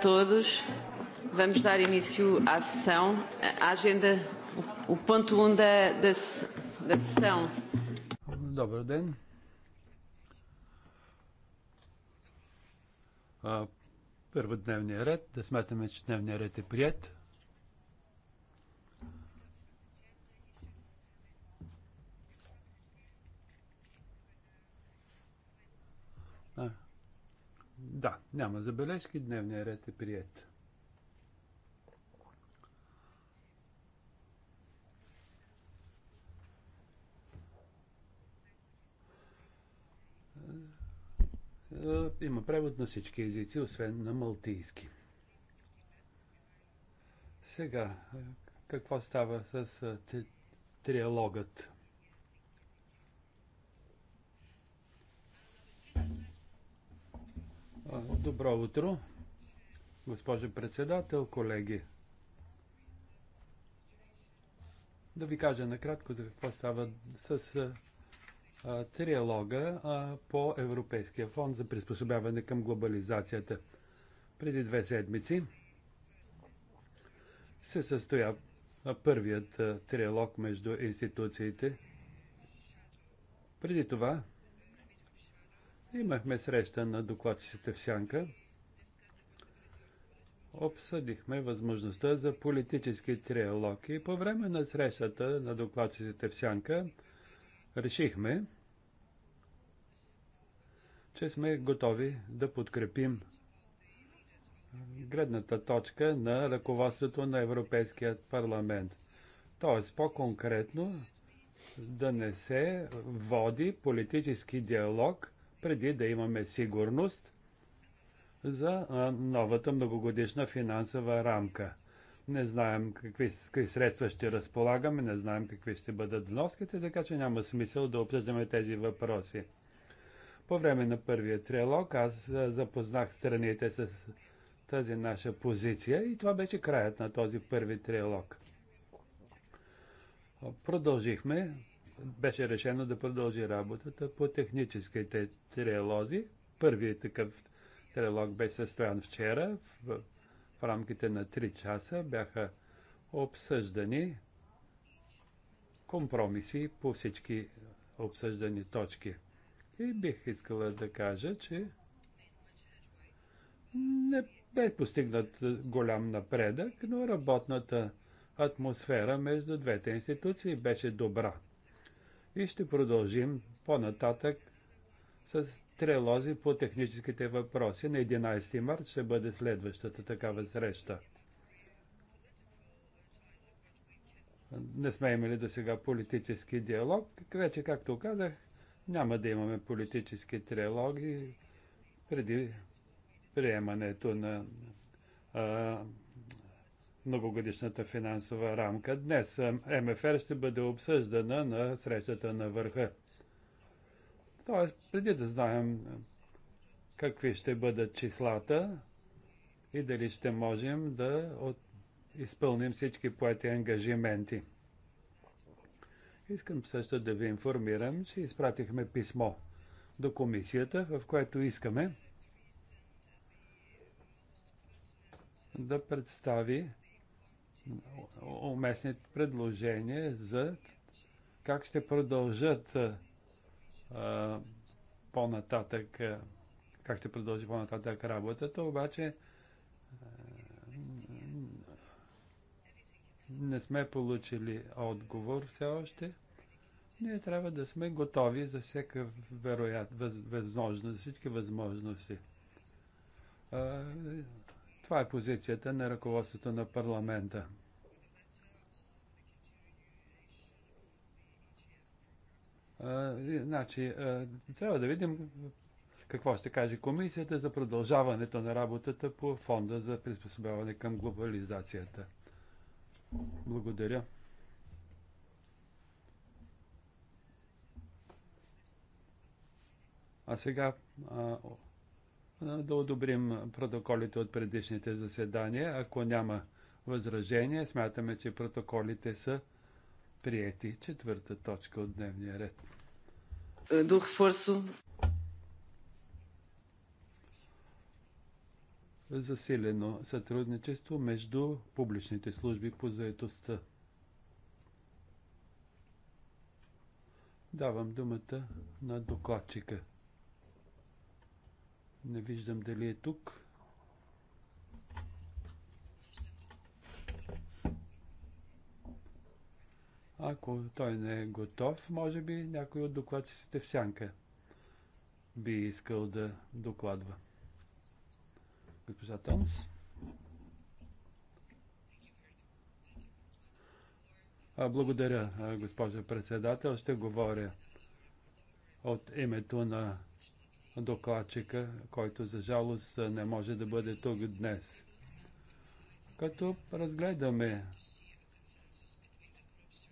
todos. Vamos dar início à sessão. A agenda, o ponto 1 da, da, da sessão. Dobro den. А, първо дневния ред. Да смятаме, че дневния ред е прият. Да, няма забележки. дневния ред е прият. Е, има превод на всички езици, освен на малтийски. Сега, е, какво става с е, триалогът? Добро утро, госпожо председател, колеги. Да ви кажа накратко за какво става с а, триалога а, по Европейския фонд за приспособяване към глобализацията. Преди две седмици се състоя първият триалог между институциите. Преди това Имахме среща на докладчиците в Сянка. Обсъдихме възможността за политически триалог и по време на срещата на докладчиците в Сянка решихме, че сме готови да подкрепим гледната точка на ръководството на Европейският парламент. Тоест, по-конкретно, да не се води политически диалог преди да имаме сигурност за новата многогодишна финансова рамка. Не знаем какви, какви средства ще разполагаме, не знаем какви ще бъдат вноските, така че няма смисъл да обсъждаме тези въпроси. По време на първия триалог аз запознах страните с тази наша позиция и това беше краят на този първи триалог. Продължихме беше решено да продължи работата по техническите трилози. Първият такъв триалог беше състоян вчера. В, в рамките на 3 часа бяха обсъждани компромиси по всички обсъждани точки. И бих искала да кажа, че не бе постигнат голям напредък, но работната атмосфера между двете институции беше добра и ще продължим по-нататък с трелози по техническите въпроси. На 11 март ще бъде следващата такава среща. Не сме имали до сега политически диалог. Вече, както казах, няма да имаме политически трелоги преди приемането на а, многогодишната финансова рамка. Днес МФР ще бъде обсъждана на срещата на върха. Тоест, преди да знаем какви ще бъдат числата и дали ще можем да от... изпълним всички поети ангажименти. Искам също да ви информирам, че изпратихме писмо до комисията, в което искаме да представи уместни предложения за как ще продължат по-нататък, как ще продължи по-нататък работата, обаче не сме получили отговор все още. Ние трябва да сме готови за всяка вероятна възможност, за всички възможности. Това е позицията на ръководството на парламента. А, значи, а, трябва да видим какво ще каже комисията за продължаването на работата по фонда за приспособяване към глобализацията. Благодаря. А сега а, да одобрим протоколите от предишните заседания. Ако няма възражение, смятаме, че протоколите са приети. Четвърта точка от дневния ред. Дух Фърсо. Засилено сътрудничество между публичните служби по заедостта. Давам думата на докладчика. Не виждам дали е тук. Ако той не е готов, може би някой от докладчиците в сянка би искал да докладва. Госпожа Тонс. Благодаря, госпожа председател. Ще говоря от името на докладчика, който за жалост не може да бъде тук днес. Като разгледаме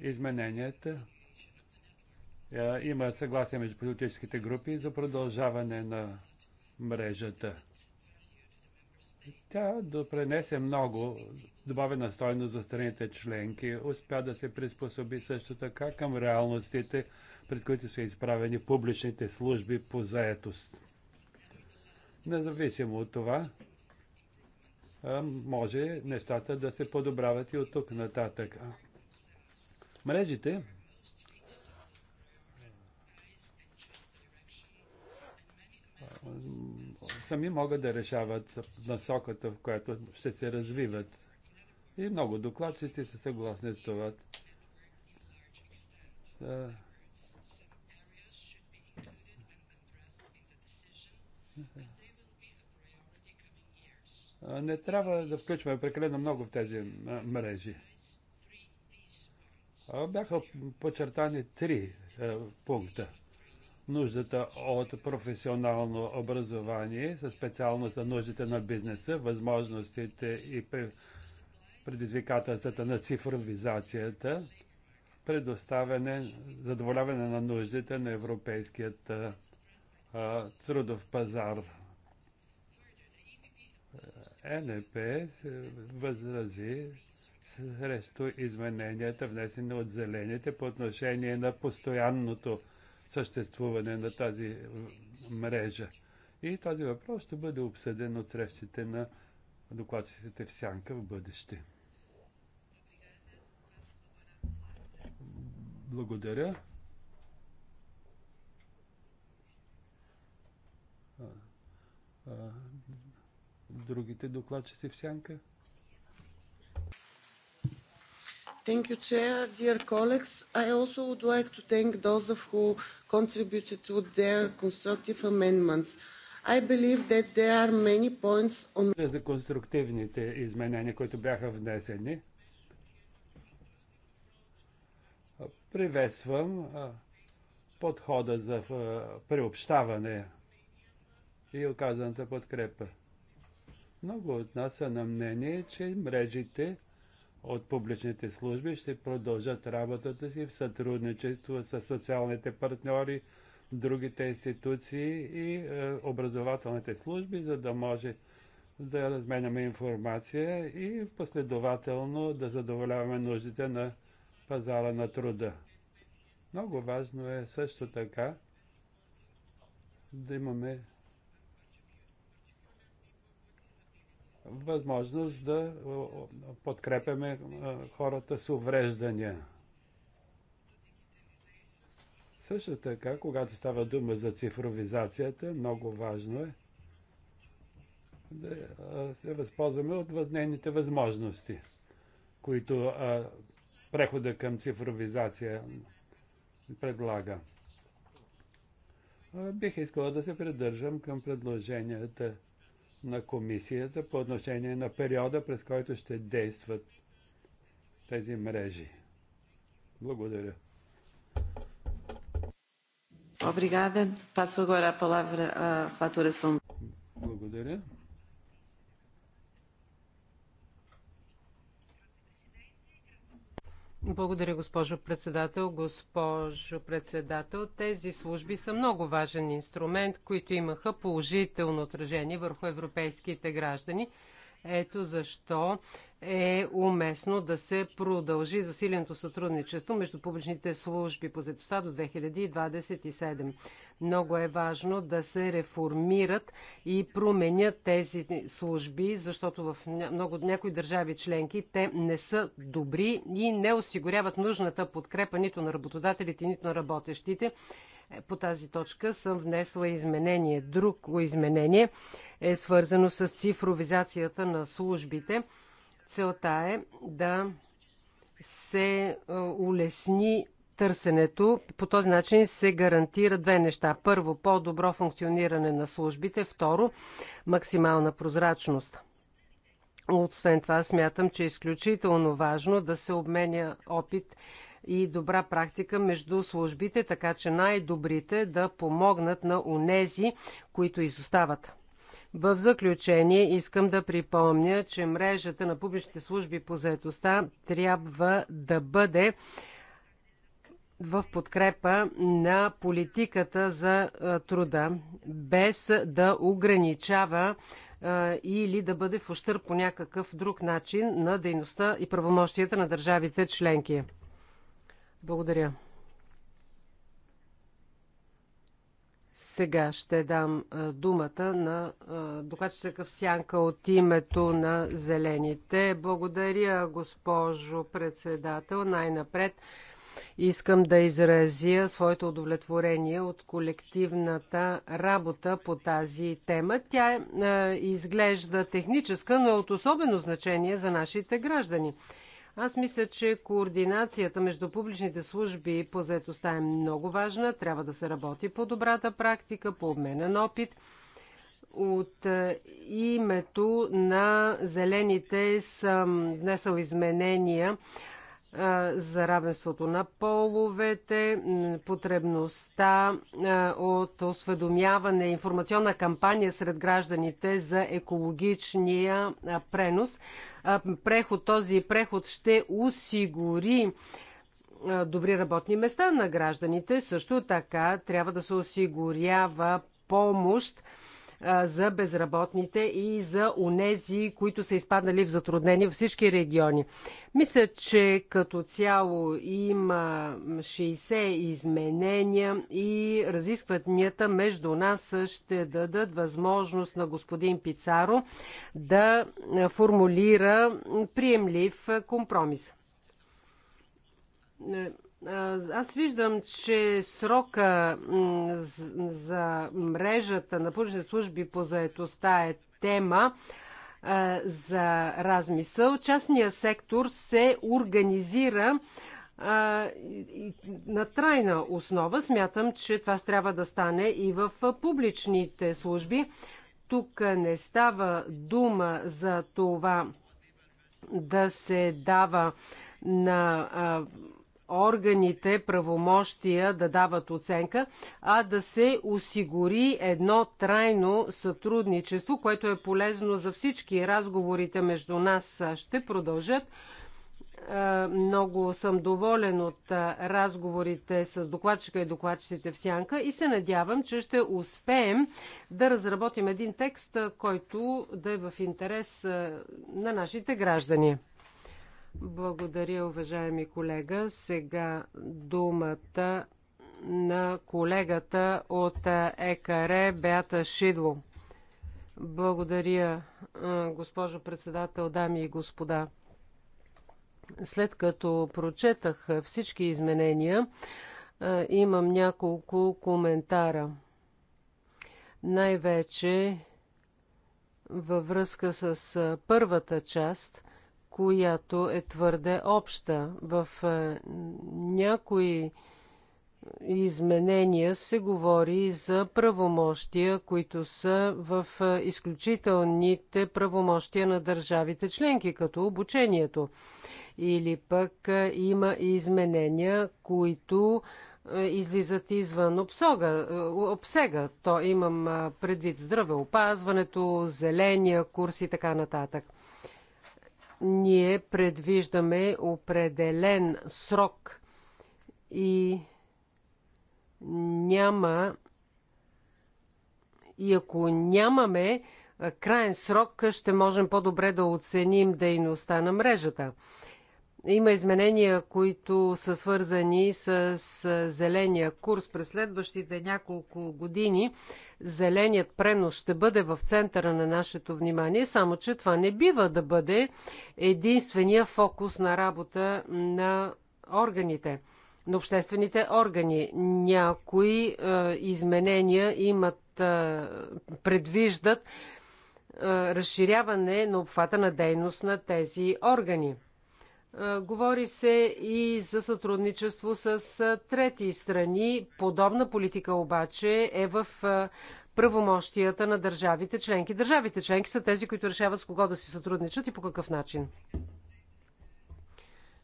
измененията, е, има съгласие между политическите групи за продължаване на мрежата. Тя допренесе много добавена стойност за страните членки, успя да се приспособи също така към реалностите пред които са изправени публичните служби по заетост. Независимо от това, може нещата да се подобрават и от тук нататък. Мрежите сами могат да решават насоката, в която ще се развиват. И много докладчици са съгласни с това. Не трябва да включваме прекалено много в тези мрежи. Бяха подчертани три пункта. Нуждата от професионално образование, със специалност за нуждите на бизнеса, възможностите и предизвикателствата на цифровизацията, предоставяне, задоволяване на нуждите на европейският трудов пазар. Е, НП възрази срещу измененията, внесени от зелените по отношение на постоянното съществуване на тази мрежа. И този въпрос ще бъде обсъден от срещите на докладчиците в Сянка в бъдеще. Благодаря. другите докладчици в сянка. Thank you, Chair. Dear colleagues, I also would like to thank those of who contributed to their constructive amendments. I believe that there are many points on... За конструктивните изменения, които бяха внесени. Приветствам подхода за приобщаване и оказаната подкрепа. Много от нас са на мнение, че мрежите от публичните служби ще продължат работата си в сътрудничество с социалните партньори, другите институции и е, образователните служби, за да може да разменяме информация и последователно да задоволяваме нуждите на пазара на труда. Много важно е също така да имаме възможност да подкрепяме хората с увреждания. Също така, когато става дума за цифровизацията, много важно е да се възползваме от нейните възможности, които прехода към цифровизация предлага. Бих искала да се придържам към предложенията на комисията по отношение на периода, през който ще действат тези мрежи. Благодаря. Obrigada. Passo agora a palavra à Благодаря. Благодаря, госпожо председател. Госпожо председател, тези служби са много важен инструмент, които имаха положително отражение върху европейските граждани. Ето защо е уместно да се продължи засиленото сътрудничество между публичните служби по заедостта до 2027. Много е важно да се реформират и променят тези служби, защото в много някои държави членки те не са добри и не осигуряват нужната подкрепа нито на работодателите, нито на работещите. Е, по тази точка съм внесла изменение, друго изменение е свързано с цифровизацията на службите. Целта е да се е, улесни търсенето. По този начин се гарантира две неща. Първо, по-добро функциониране на службите. Второ, максимална прозрачност. Освен това, смятам, че е изключително важно да се обменя опит и добра практика между службите, така че най-добрите да помогнат на унези, които изостават. В заключение искам да припомня, че мрежата на публичните служби по заедостта трябва да бъде в подкрепа на политиката за труда, без да ограничава или да бъде в ущърп по някакъв друг начин на дейността и правомощията на държавите членки. Благодаря. Сега ще дам думата на докладчика в сянка от името на Зелените. Благодаря, госпожо председател. Най-напред искам да изразя своето удовлетворение от колективната работа по тази тема. Тя изглежда техническа, но е от особено значение за нашите граждани. Аз мисля, че координацията между публичните служби по заедостта е много важна. Трябва да се работи по добрата практика, по обмена на опит. От е, името на зелените съм внесъл изменения за равенството на половете, потребността от осведомяване, информационна кампания сред гражданите за екологичния пренос. Преход, този преход ще осигури добри работни места на гражданите. Също така трябва да се осигурява помощ за безработните и за унези, които са изпаднали в затруднения във всички региони. Мисля, че като цяло има 60 изменения и разискванията между нас ще дадат възможност на господин Пицаро да формулира приемлив компромис аз виждам, че срока за мрежата на публични служби по заетостта е тема за размисъл. Частният сектор се организира на трайна основа. Смятам, че това трябва да стане и в публичните служби. Тук не става дума за това да се дава на органите правомощия да дават оценка, а да се осигури едно трайно сътрудничество, което е полезно за всички. Разговорите между нас ще продължат. Е, много съм доволен от разговорите с докладчика и докладчиците в Сянка и се надявам, че ще успеем да разработим един текст, който да е в интерес на нашите граждани. Благодаря, уважаеми колега. Сега думата на колегата от ЕКАРЕ Беата Шидло. Благодаря, госпожо председател, дами и господа. След като прочетах всички изменения, имам няколко коментара. Най-вече във връзка с първата част – която е твърде обща. В е, някои изменения се говори за правомощия, които са в е, изключителните правомощия на държавите членки, като обучението. Или пък е, има и изменения, които излизат извън обсога, обсега. То имам предвид здравеопазването, зеления курс и така нататък. Ние предвиждаме определен срок и няма и ако нямаме краен срок, ще можем по-добре да оценим дейността на мрежата. Има изменения, които са свързани с зеления курс. През следващите няколко години зеленият пренос ще бъде в центъра на нашето внимание, само че това не бива да бъде единствения фокус на работа на органите, на обществените органи. Някои е, изменения имат, е, предвиждат е, разширяване на обхвата на дейност на тези органи. Е, говори се и за сътрудничество с е, трети страни. Подобна политика обаче е в е, правомощията на държавите членки. Държавите членки са тези, които решават с кого да си сътрудничат и по какъв начин.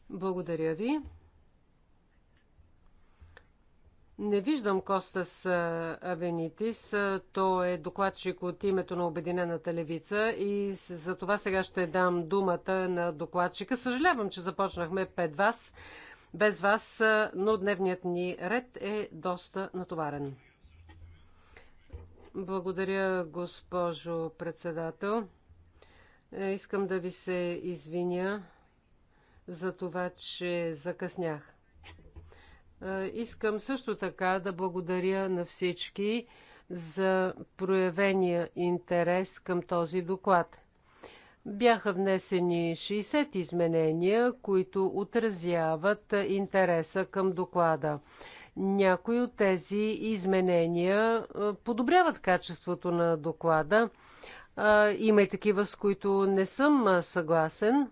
Благодаря ви. Не виждам Костас Авенитис. Той е докладчик от името на Обединената левица и за това сега ще дам думата на докладчика. Съжалявам, че започнахме пред вас, без вас, но дневният ни ред е доста натоварен. Благодаря, госпожо председател. Е, искам да ви се извиня за това, че закъснях. Е, искам също така да благодаря на всички за проявения интерес към този доклад. Бяха внесени 60 изменения, които отразяват интереса към доклада. Някои от тези изменения е, подобряват качеството на доклада. Е, има и такива, с които не съм съгласен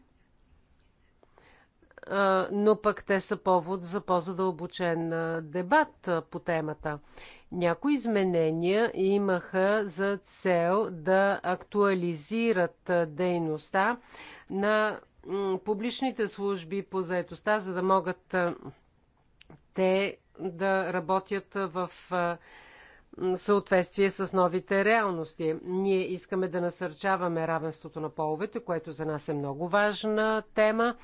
но пък те са повод за по-задълбочен дебат по темата. Някои изменения имаха за цел да актуализират дейността на публичните служби по заетостта, за да могат те да работят в съответствие с новите реалности. Ние искаме да насърчаваме равенството на половете, което за нас е много важна тема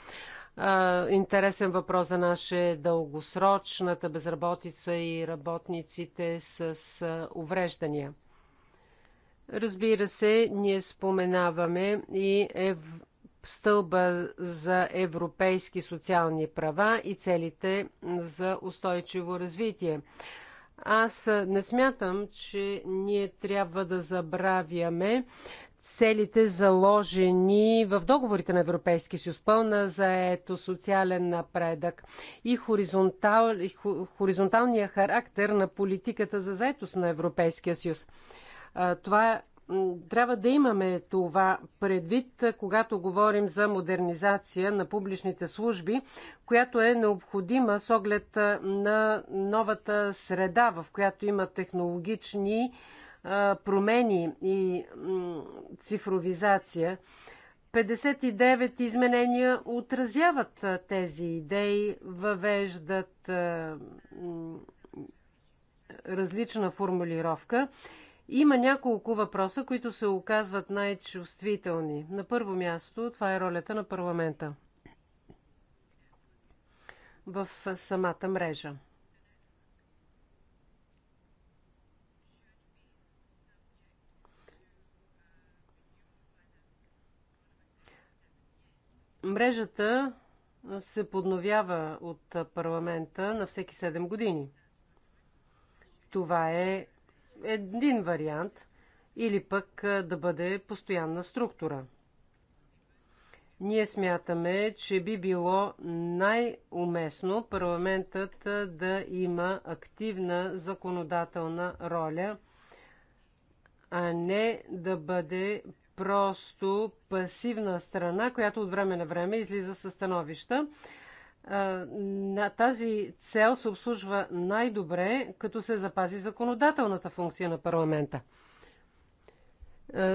интересен въпрос за наше дългосрочната безработица и работниците с увреждания. Разбира се, ние споменаваме и ев... стълба за европейски социални права и целите за устойчиво развитие. Аз не смятам, че ние трябва да забравяме целите заложени в договорите на Европейски съюз, пълна заето, социален напредък и, хоризонтал, и хоризонталния характер на политиката за заетост на Европейския съюз. Това трябва да имаме това предвид, когато говорим за модернизация на публичните служби, която е необходима с оглед на новата среда, в която има технологични промени и цифровизация. 59 изменения отразяват тези идеи, въвеждат различна формулировка. Има няколко въпроса, които се оказват най-чувствителни. На първо място това е ролята на парламента в самата мрежа. Мрежата се подновява от парламента на всеки 7 години. Това е един вариант или пък да бъде постоянна структура. Ние смятаме, че би било най-уместно парламентът да има активна законодателна роля, а не да бъде просто пасивна страна, която от време на време излиза със становища. На тази цел се обслужва най-добре, като се запази законодателната функция на парламента.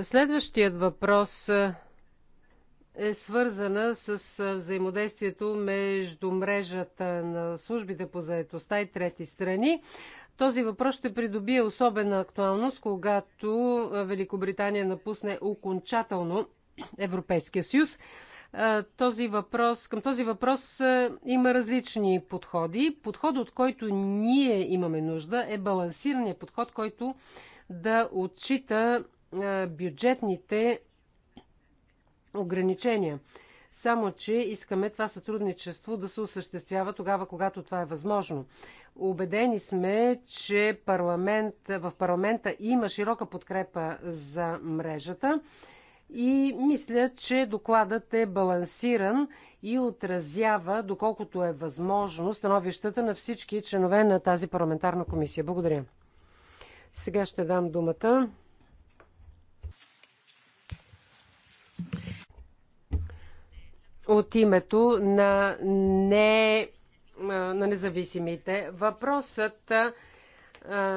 Следващият въпрос е свързана с взаимодействието между мрежата на службите по заедостта и трети страни. Този въпрос ще придобие особена актуалност, когато Великобритания напусне окончателно Европейския съюз. Този въпрос, към този въпрос има различни подходи. Подход, от който ние имаме нужда, е балансираният подход, който да отчита бюджетните ограничения. Само, че искаме това сътрудничество да се осъществява тогава, когато това е възможно. Обедени сме, че парламент, в парламента има широка подкрепа за мрежата и мисля, че докладът е балансиран и отразява, доколкото е възможно, становищата на всички членове на тази парламентарна комисия. Благодаря. Сега ще дам думата от името на, не, на независимите. Въпросът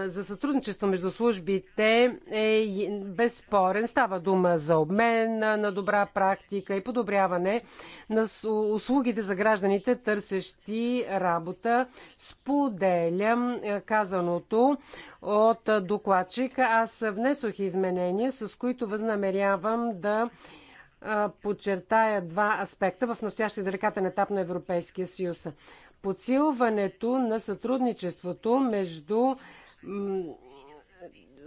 за сътрудничество между службите е безспорен. Става дума за обмен на добра практика и подобряване на услугите за гражданите, търсещи работа. Споделям казаното от докладчика. Аз внесох изменения, с които възнамерявам да подчертая два аспекта в настоящия деликатен етап на Европейския съюз. Подсилването на сътрудничеството между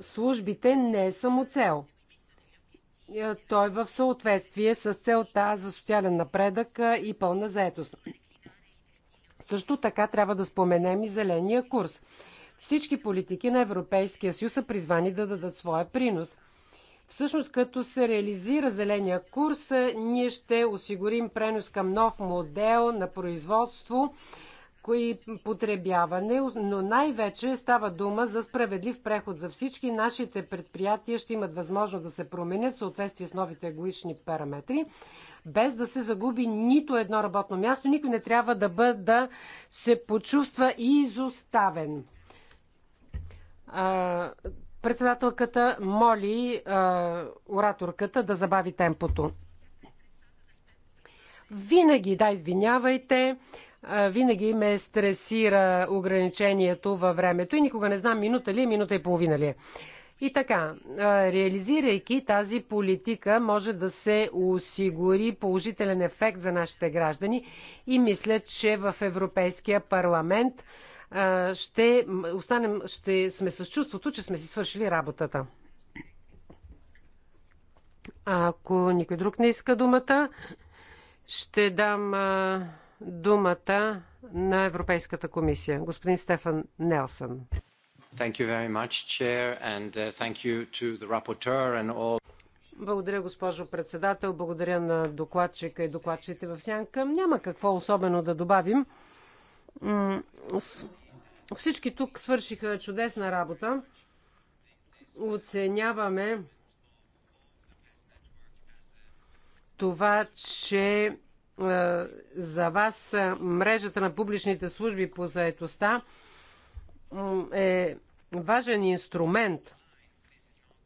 службите не е само цел. Е, той е в съответствие с целта за социален напредък и пълна заетост. Също така трябва да споменем и зеления курс. Всички политики на Европейския съюз са призвани да дадат своя принос – Всъщност, като се реализира зеления курс, ние ще осигурим пренос към нов модел на производство и потребяване, но най-вече става дума за справедлив преход за всички. Нашите предприятия ще имат възможност да се променят в съответствие с новите егоични параметри, без да се загуби нито едно работно място. Никой не трябва да, бъде, да се почувства изоставен Председателката моли а, ораторката да забави темпото. Винаги, да, извинявайте, а, винаги ме стресира ограничението във времето и никога не знам минута ли е, минута и половина ли е. И така, реализирайки тази политика, може да се осигури положителен ефект за нашите граждани и мисля, че в Европейския парламент ще, останем, ще сме с чувството, че сме си свършили работата. Ако никой друг не иска думата, ще дам думата на Европейската комисия. Господин Стефан Нелсън. Благодаря, госпожо председател. Благодаря на докладчика и докладчите в сянка. Няма какво особено да добавим. Всички тук свършиха чудесна работа. Оценяваме това, че е, за вас е, мрежата на публичните служби по заетостта е важен инструмент.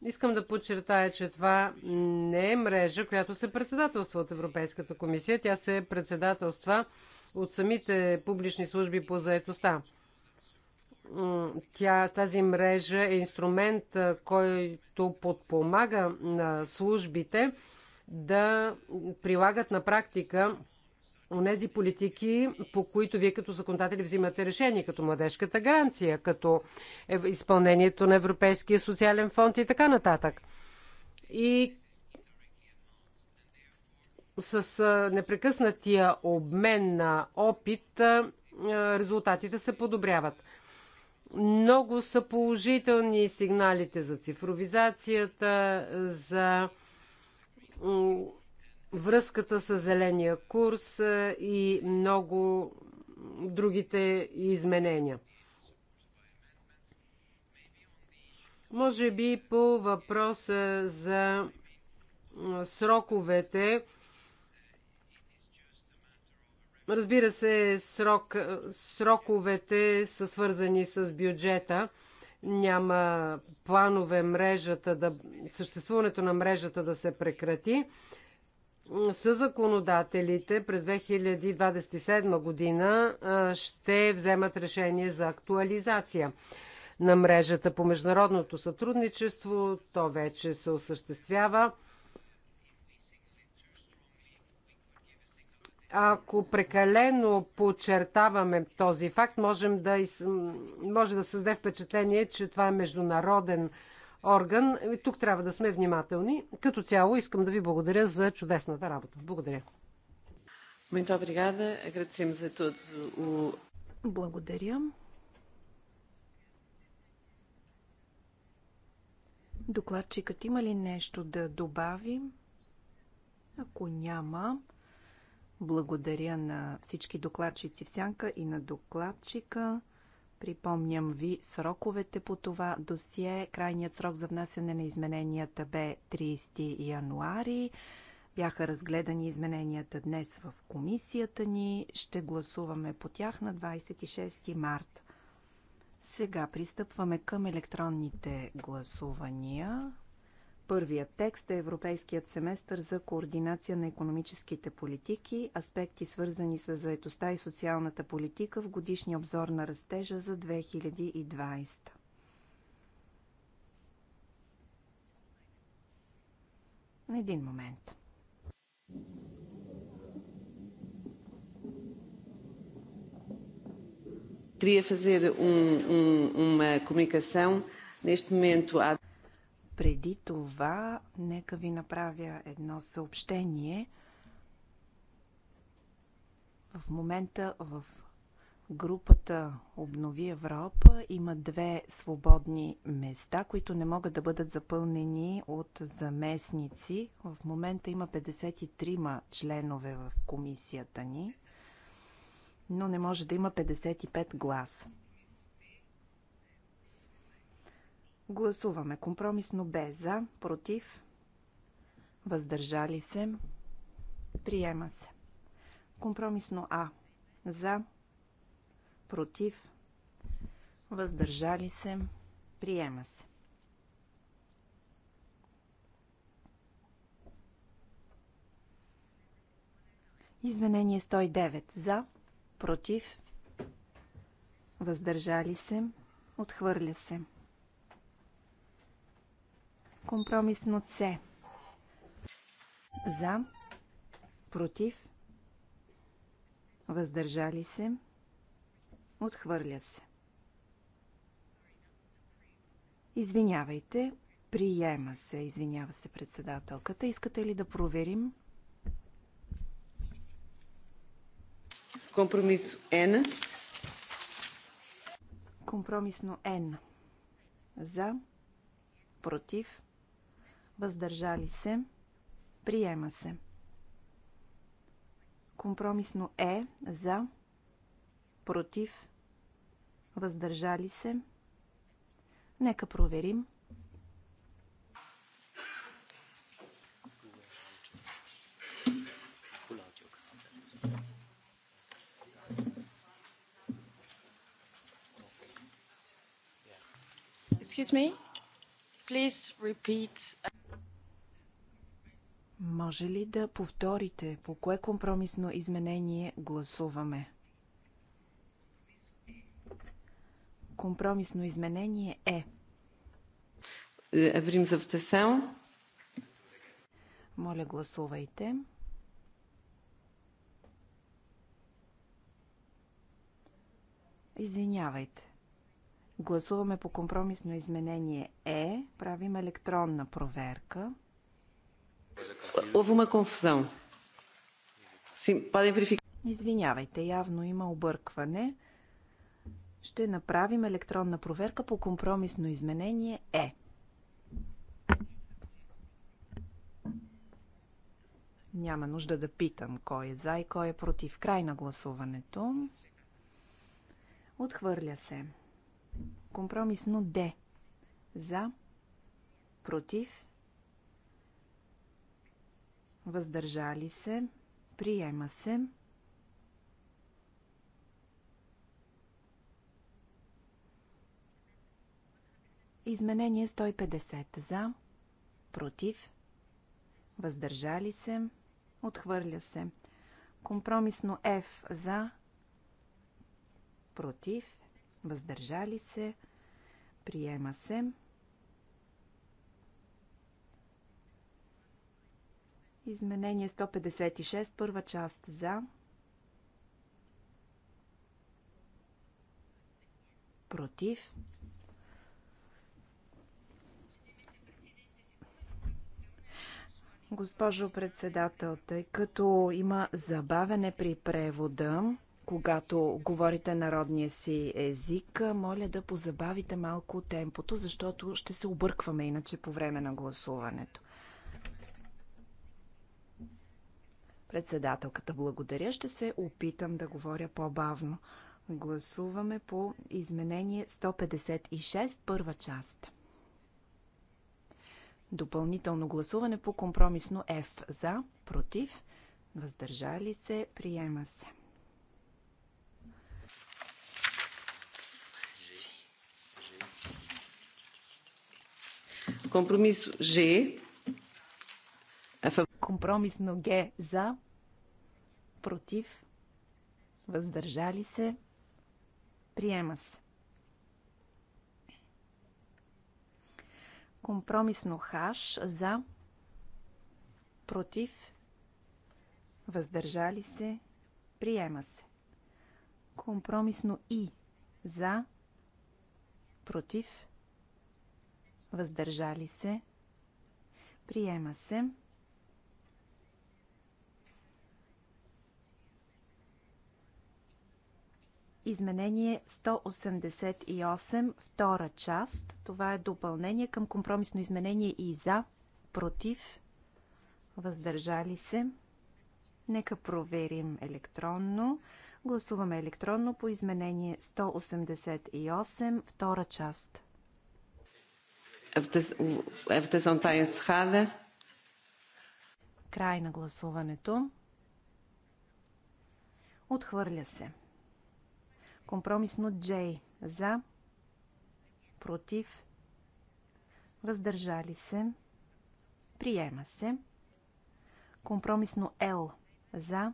Искам да подчертая, че това не е мрежа, която се председателства от Европейската комисия. Тя се председателства от самите публични служби по заетостта тя, тази мрежа е инструмент, който подпомага на службите да прилагат на практика онези политики, по които вие като законодатели взимате решение, като младежката гаранция, като изпълнението на Европейския социален фонд и така нататък. И с непрекъснатия обмен на опит резултатите се подобряват. Много са положителни сигналите за цифровизацията, за връзката с зеления курс и много другите изменения. Може би по въпроса за сроковете Разбира се, срок, сроковете са свързани с бюджета. Няма планове мрежата да, съществуването на мрежата да се прекрати. С законодателите през 2027 година ще вземат решение за актуализация на мрежата по международното сътрудничество. То вече се осъществява. Ако прекалено подчертаваме този факт, можем да, може да създаде впечатление, че това е международен орган. И тук трябва да сме внимателни. Като цяло искам да ви благодаря за чудесната работа. Благодаря. Благодаря. Докладчикът има ли нещо да добави? Ако няма, благодаря на всички докладчици в сянка и на докладчика. Припомням ви сроковете по това досие. Крайният срок за внасяне на измененията бе 30 януари. Бяха разгледани измененията днес в комисията ни. Ще гласуваме по тях на 26 март. Сега пристъпваме към електронните гласувания. Първият текст е Европейският семестър за координация на економическите политики, аспекти свързани с заетостта и социалната политика в годишния обзор на растежа за 2020. На един момент. Queria fazer um, um, uma comunicação. Neste momento há преди това, нека ви направя едно съобщение. В момента в групата Обнови Европа има две свободни места, които не могат да бъдат запълнени от заместници. В момента има 53 членове в комисията ни, но не може да има 55 гласа. Гласуваме компромисно Б за, против, въздържали се, приема се. Компромисно А за, против, въздържали се, приема се. Изменение 109 за, против, въздържали се, отхвърля се. Компромисно С. За. Против. Въздържали се. Отхвърля се. Извинявайте, приема се, извинява се председателката. Искате ли да проверим? Компромис Н. Компромисно Н. За, против, въздържали се, приема се. Компромисно е за, против, въздържали се. Нека проверим. Excuse me, please repeat. Може ли да повторите по кое компромисно изменение гласуваме? Компромисно изменение е. Еврим за втесел. Моля, гласувайте. Извинявайте. Гласуваме по компромисно изменение Е. Правим електронна проверка. Houve uma confusão. Sim, podem verificar. Извинявайте, явно има объркване. Ще направим електронна проверка по компромисно изменение Е. Няма нужда да питам кой е за и кой е против. Край на гласуването. Отхвърля се. Компромисно Д. За. Против въздържали се, приема се. Изменение 150 за, против, въздържали се, отхвърля се. Компромисно F за, против, въздържали се, приема се. Изменение 156, първа част за. Против. Госпожо председател, тъй като има забавене при превода, когато говорите народния си език, моля да позабавите малко темпото, защото ще се объркваме иначе по време на гласуването. Председателката благодаря. Ще се опитам да говоря по-бавно. Гласуваме по изменение 156, първа част. Допълнително гласуване по компромисно F за, против, въздържали се, приема се. Компромис G. Компромисно Г за, против, въздържали се, приема се. Компромисно хаш за, против, въздържали се, приема се. Компромисно и за, против, въздържали се, приема се. Изменение 188, втора част. Това е допълнение към компромисно изменение и за, против, въздържали се. Нека проверим електронно. Гласуваме електронно по изменение 188, втора част. Край на гласуването. Отхвърля се. Компромисно J. За. Против. Въздържали се. Приема се. Компромисно L. За.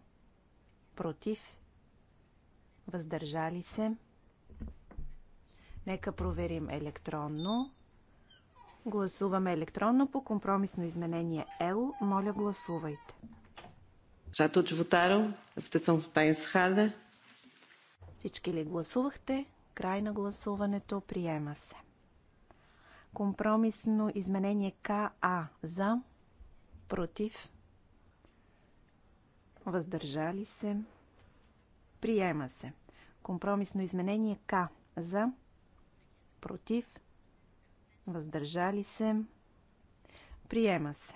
Против. Въздържали се. Нека проверим електронно. Гласуваме електронно по компромисно изменение L. Моля, гласувайте. Жато todos votaram? в votação está encerrada. Всички ли гласувахте? Край на гласуването. Приема се. Компромисно изменение КА за, против, въздържали се. Приема се. Компромисно изменение К за, против, въздържали се. Приема се.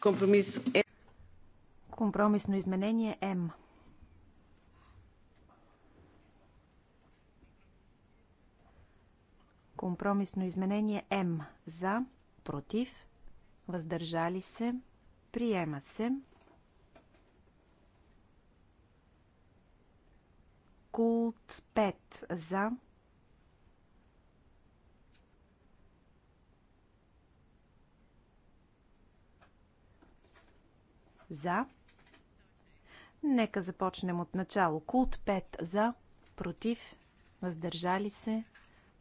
Компромис е. Компромисно изменение М. Компромисно изменение М. За, против, въздържали се, приема се. Култ 5 за. За. Нека започнем от начало. Култ 5 за, против, въздържали се,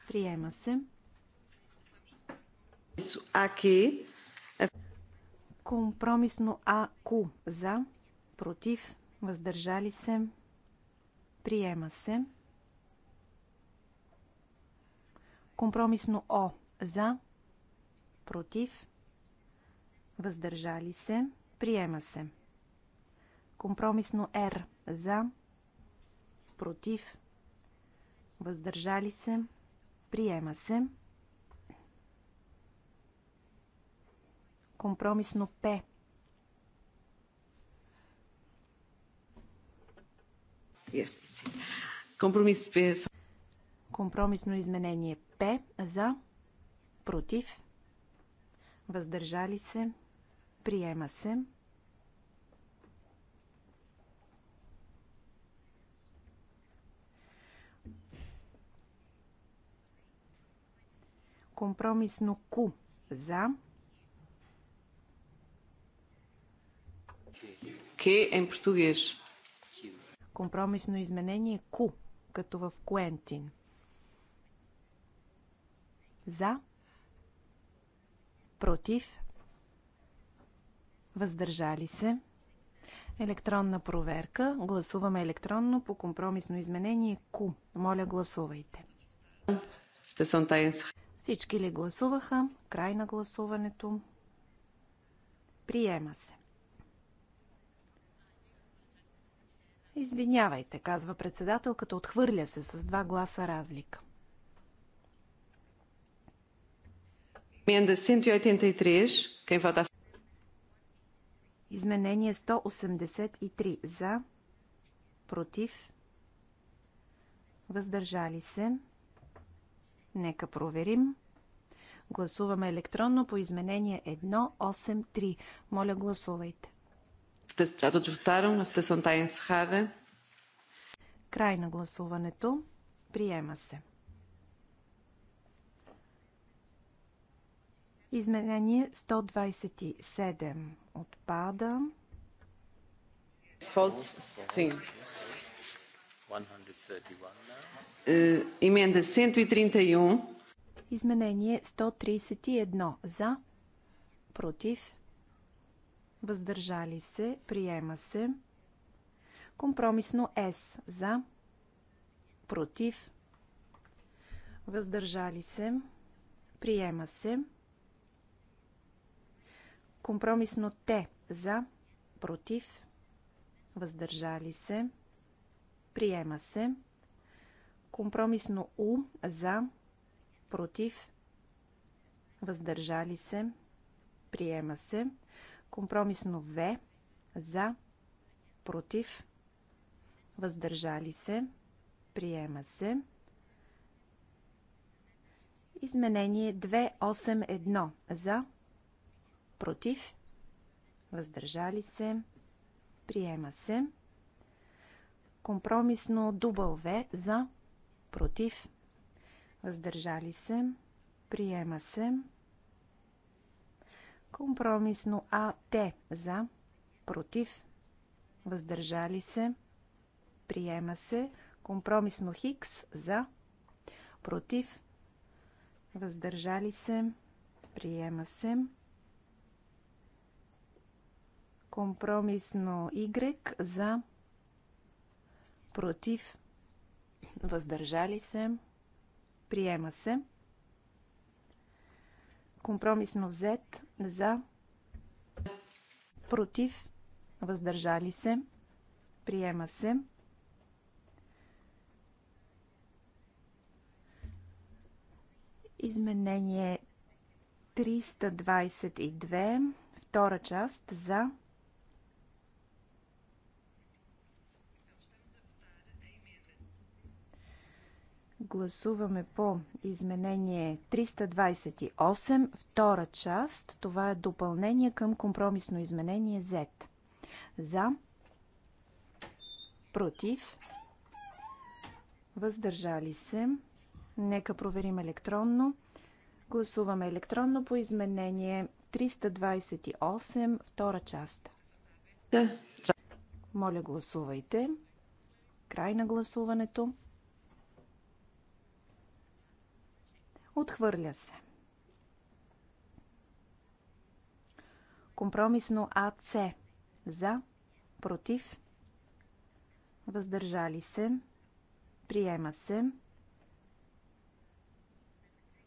приема се. Компромисно Компромисно АКУ за, против, въздържали се, приема се. Компромисно О за, против, въздържали се, приема се. Компромисно Р. За. Против. Въздържали се. Приема се. Компромисно П. Компромис Компромисно изменение П. За. Против. Въздържали се. Приема се. Компромисно Q за. Que em português. Компромисно изменение Q, като в Куентин. За. Против. Въздържали се. Електронна проверка. Гласуваме електронно по компромисно изменение Q. Моля, гласувайте. Всички ли гласуваха? Край на гласуването. Приема се. Извинявайте, казва председателката, отхвърля се с два гласа разлика. E e Изменение 183. За. Против. Въздържали се. Нека проверим. Гласуваме електронно по изменение 183. Моля, гласувайте. Край на гласуването. Приема се. Изменение 127 отпада. False 131. Emenda е, 131. Е Изменение 131. За. Против. Въздържали се. Приема се. Компромисно С. За. Против. Въздържали се. Приема се. Компромисно Т. За. Против. Въздържали се. Приема се. Компромисно У за, против, въздържали се, приема се. Компромисно В за, против, въздържали се, приема се. Изменение 281 за, против, въздържали се, приема се. Компромисно W за, против, въздържали се, приема се. Компромисно АТ за, против, въздържали се, приема се. Компромисно Хикс за, против, въздържали се, приема се. Компромисно Y за, против, въздържали се, приема се. Компромисно Z за, против, въздържали се, приема се. Изменение 322, втора част за, гласуваме по изменение 328, втора част. Това е допълнение към компромисно изменение Z. За, против, въздържали се. Нека проверим електронно. Гласуваме електронно по изменение 328, втора част. Е, Моля, гласувайте. Край на гласуването. Отхвърля се. Компромисно АЦ. За. Против. Въздържали се. Приема се.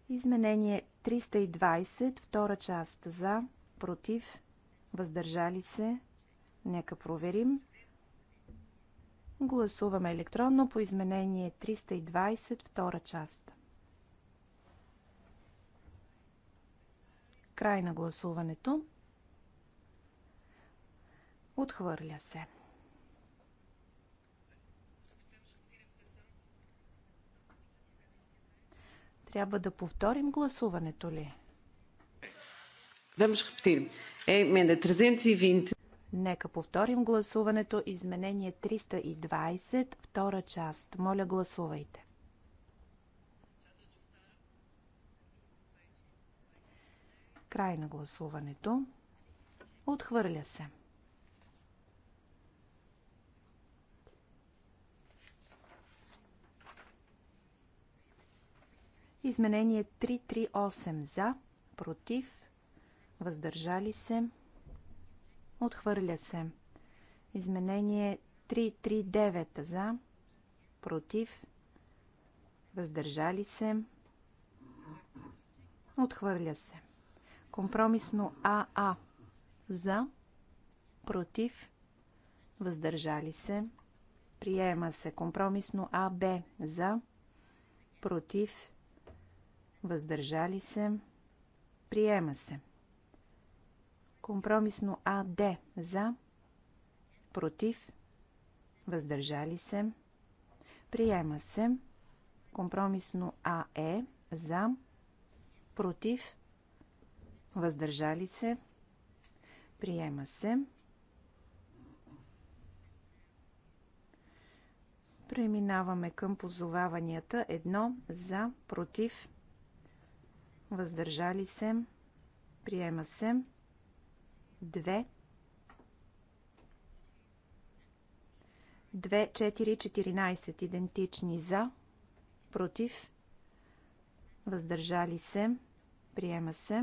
Изменение 320, втора част за, против, въздържали се. Нека проверим. Гласуваме електронно по изменение 320, втора част. Край на гласуването. Отхвърля се. Трябва да повторим гласуването ли? Vamos repetir. emenda 320. E Нека повторим гласуването. Изменение 320, втора част. Моля, гласувайте. Край на гласуването. Отхвърля се. Изменение 338 за, против, въздържали се, отхвърля се. Изменение 339 за, против, въздържали се, отхвърля се. Компромисно АА за, против, въздържали се. Приема се компромисно АБ за, против, въздържали се. Приема се. Компромисно АД за, против, въздържали се. Приема се. Компромисно АЕ за, против, въздържали се, приема се. Преминаваме към позоваванията. Едно за, против, въздържали се, приема се. Две. Две, 4, 14 идентични за, против, въздържали се, приема се.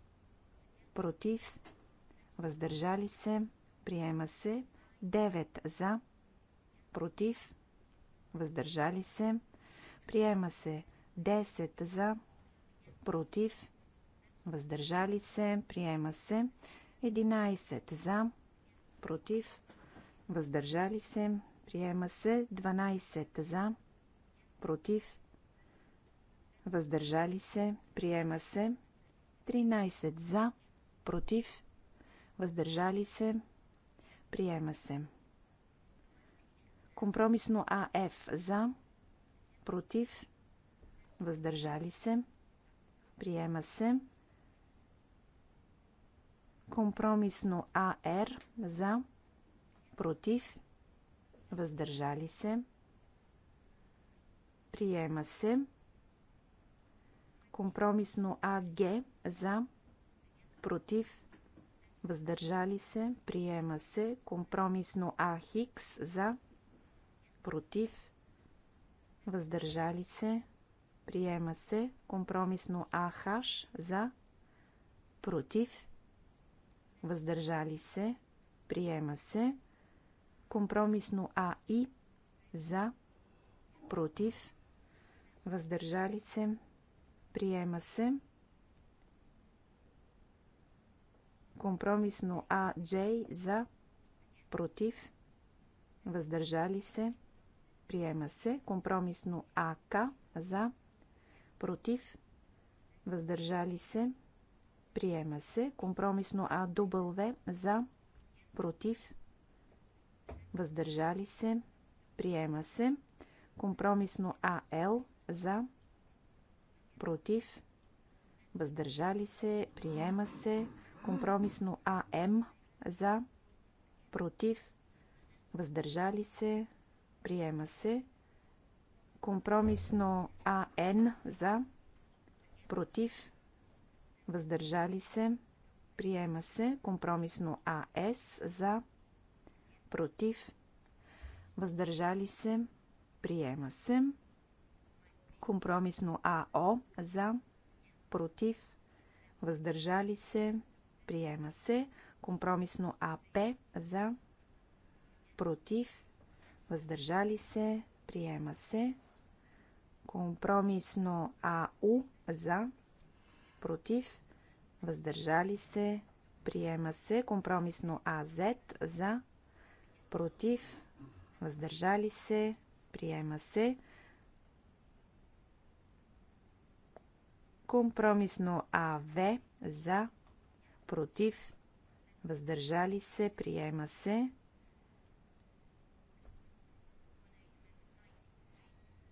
против, въздържали се, приема се. 9 за, против, въздържали се, приема се. 10 за, против, въздържали се, приема се. 11 за, против, въздържали се, приема се. 12 за, против, въздържали се, приема се. 13 за, против, въздържали се, приема се. Компромисно АФ за, против, въздържали се, приема се. Компромисно АР за, против, въздържали се, приема се. Компромисно АГ за, против, против, въздържали се, приема се. Компромисно А Хикс за, против, въздържали се, приема се. Компромисно А Хаш за, против, въздържали се, приема се. Компромисно А И за, против, въздържали се, приема се. Компромисно А, Джей, за, против, въздържали се, приема се. Компромисно АК за, против, въздържали се, приема се. Компромисно А, В, за, против, въздържали се, приема се. Компромисно АЛ за, против, въздържали се, приема се. Компромисно АМ за, против, въздържали се, приема се. Компромисно АН за, против, въздържали се, приема се. Компромисно АС за, против, въздържали се, приема се. Компромисно АО за, против, въздържали се, Приема се. Компромисно АП за. Против. Въздържали се. Приема се. Компромисно АУ за. Против. Въздържали се. Приема се. Компромисно АЗ за. Против. Въздържали се. Приема се. компромисно АВ за против, въздържали се, приема се.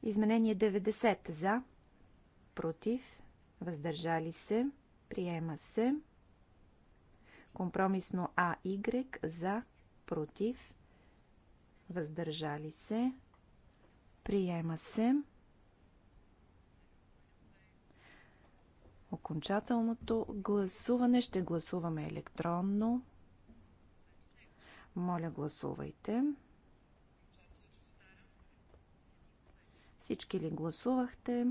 Изменение 90 за, против, въздържали се, приема се. Компромисно А Y, за, против, въздържали се, приема се. окончателното гласуване. Ще гласуваме електронно. Моля, гласувайте. Всички ли гласувахте?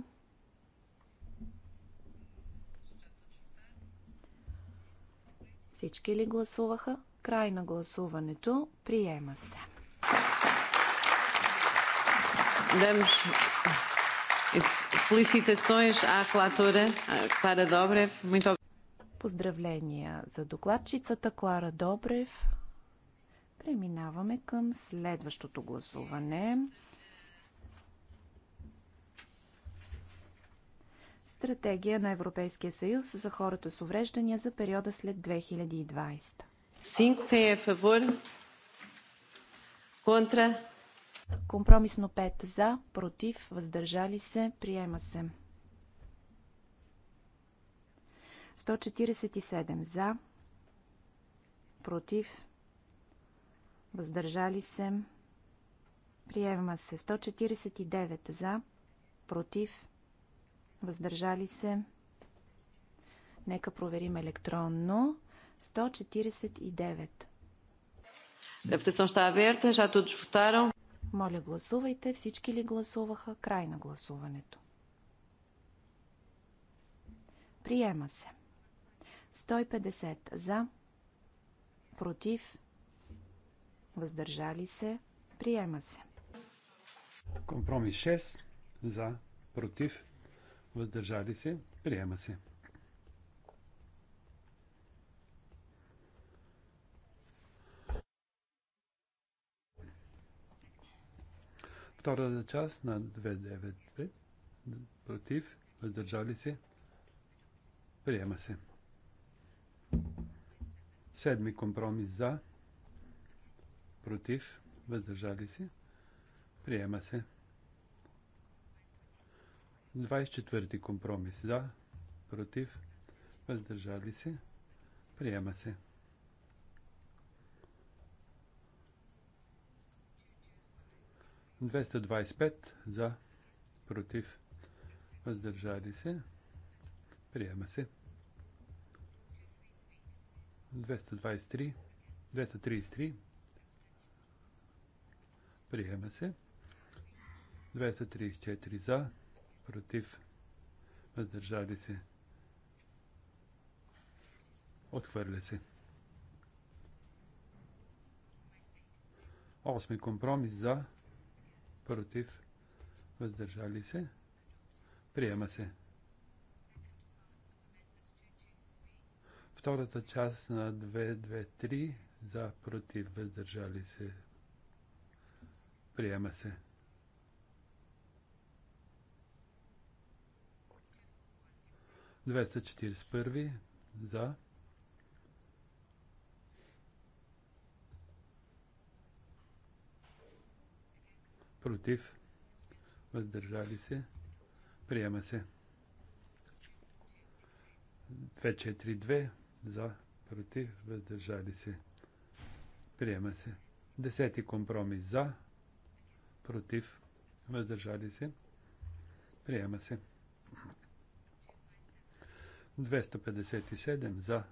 Всички ли гласуваха? Край на гласуването. Приема се. Felicitações à relatora Clara Dobrev. Muito Поздравления за докладчицата Клара Добрев. Преминаваме към следващото гласуване. Стратегия на Европейския съюз за хората с увреждания за периода след 2020. 5. Quem Компромисно 5 за, против, въздържали се, приема се. 147 за, против, въздържали се, приема се. 149 за, против, въздържали се. Нека проверим електронно. 149. A votação está aberta, já todos votaram. Моля, гласувайте. Всички ли гласуваха? Край на гласуването. Приема се. 150 за, против, въздържали се, приема се. Компромис 6 за, против, въздържали се, приема се. втората част на 295. Против. Въздържали се. Приема се. Седми компромис за. Против. Въздържали се. Приема се. 24 компромис за. Против. Въздържали се. Приема се. 225 за, против, въздържали се, приема се. 223, 233, приема се. 234 за, против, въздържали се, отхвърля се. Осми компромис за, против, въздържали се, приема се. Втората част на 2-2-3 за, против, въздържали се, приема се. Двеста четиридесет първи за против, въздържали се, приема се. 2, 4, 2. за, против, въздържали се, приема се. Десети компромис за, против, въздържали се, приема се. 257 за,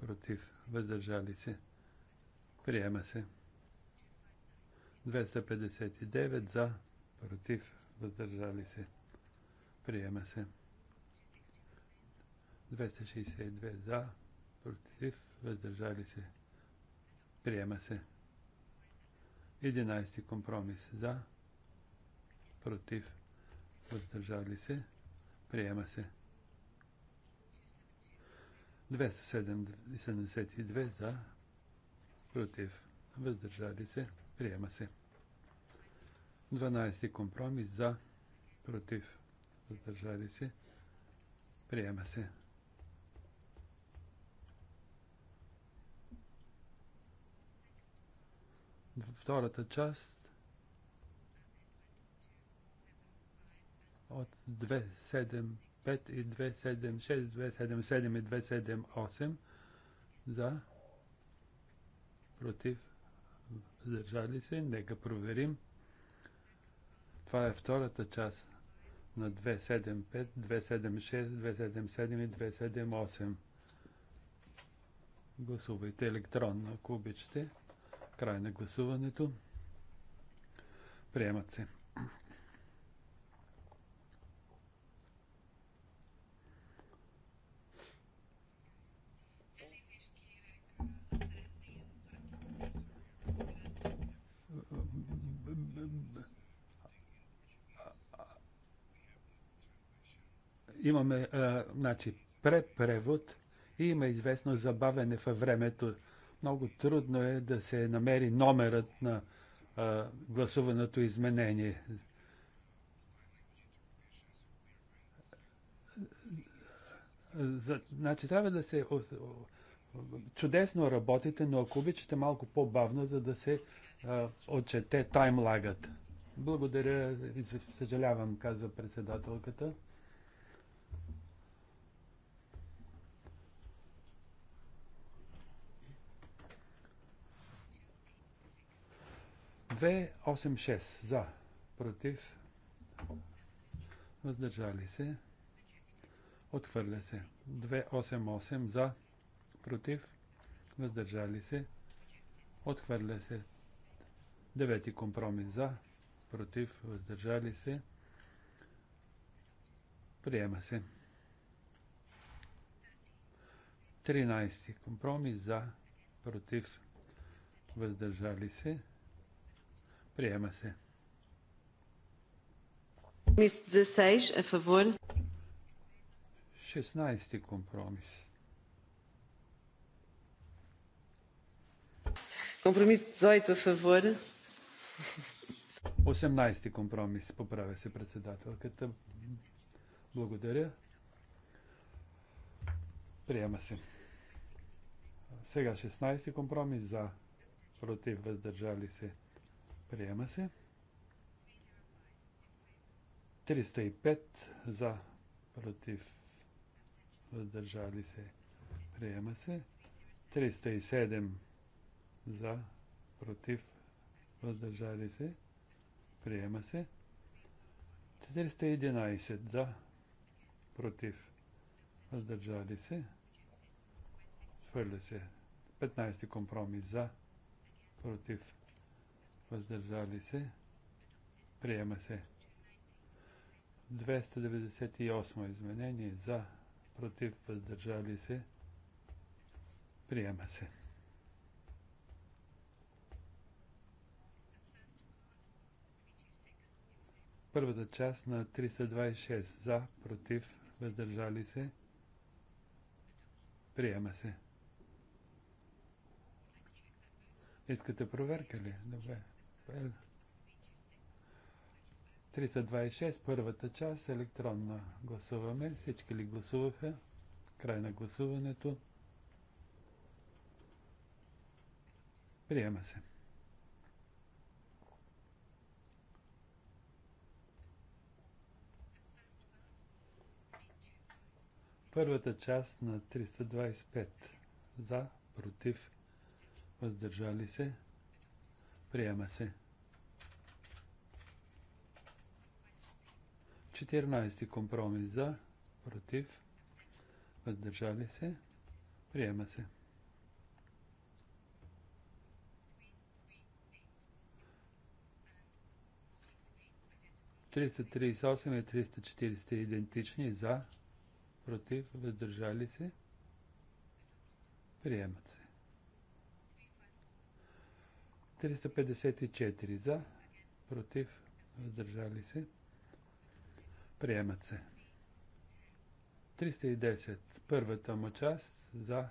против, въздържали се, приема се. 259 за, против, въздържали се. Приема се. 262 за, против, въздържали се. Приема се. 11 компромис за, против, въздържали се. Приема се. 272 за, против, въздържали се. Приема се. 12 компромис за, против, въздържали се. Приема се. Втората част от 275 и 276, 277 и 278 за, против, въздържали се, нека проверим. Това е втората част на 275, 276, 277 и 278. Гласувайте електронно, ако обичате. Край на гласуването. Приемат се. имаме а, значи, препревод и има известно забавене във времето. Много трудно е да се намери номерът на а, гласуваното изменение. За, значи трябва да се чудесно работите, но ако обичате малко по-бавно, за да се а, отчете таймлагът. Благодаря, съжалявам, казва председателката. 286 за, против, въздържали се, отхвърля се. 288 за, против, въздържали се, отхвърля се. Девети компромис за, против, въздържали се, приема се. 13 компромис за, против, въздържали се, Приема се. Мис 16 е компромис. Компромис 18 a favor. 18 компромис, поправя се председателката. Благодаря. Приема се. Сега 16 компромис за, против, въздържали се. Приема се. 305 за, против, въздържали се. Приема се. 307 за, против, въздържали се. Приема се. 411 за, против, въздържали се. Хвърля се. 15 компромис за, против, въздържали се, приема се. 298 изменение за, против, въздържали се, приема се. Първата част на 326 за, против, въздържали се, приема се. Искате проверка ли? Добре. 326, първата част, електронна. Гласуваме. Всички ли гласуваха? Край на гласуването. Приема се. Първата част на 325. За, против, въздържали се, Приема се. 14 компромис за, против, въздържали се, приема се. 338 и 340 идентични за, против, въздържали се, приемат се. 354 за, против, въздържали се, приемат се. 310. Първата му част за,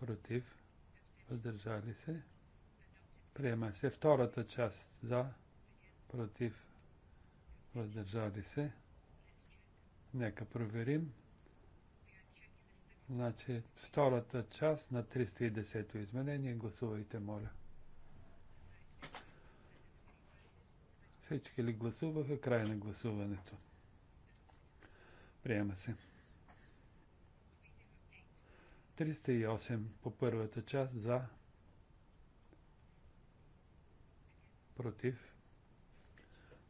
против, въздържали се, приема се. Втората част за, против, въздържали се. Нека проверим. Значи, втората част на 310 то изменение. Гласувайте, моля. Всички ли гласуваха? Край на гласуването. Приема се. 308 по първата част за против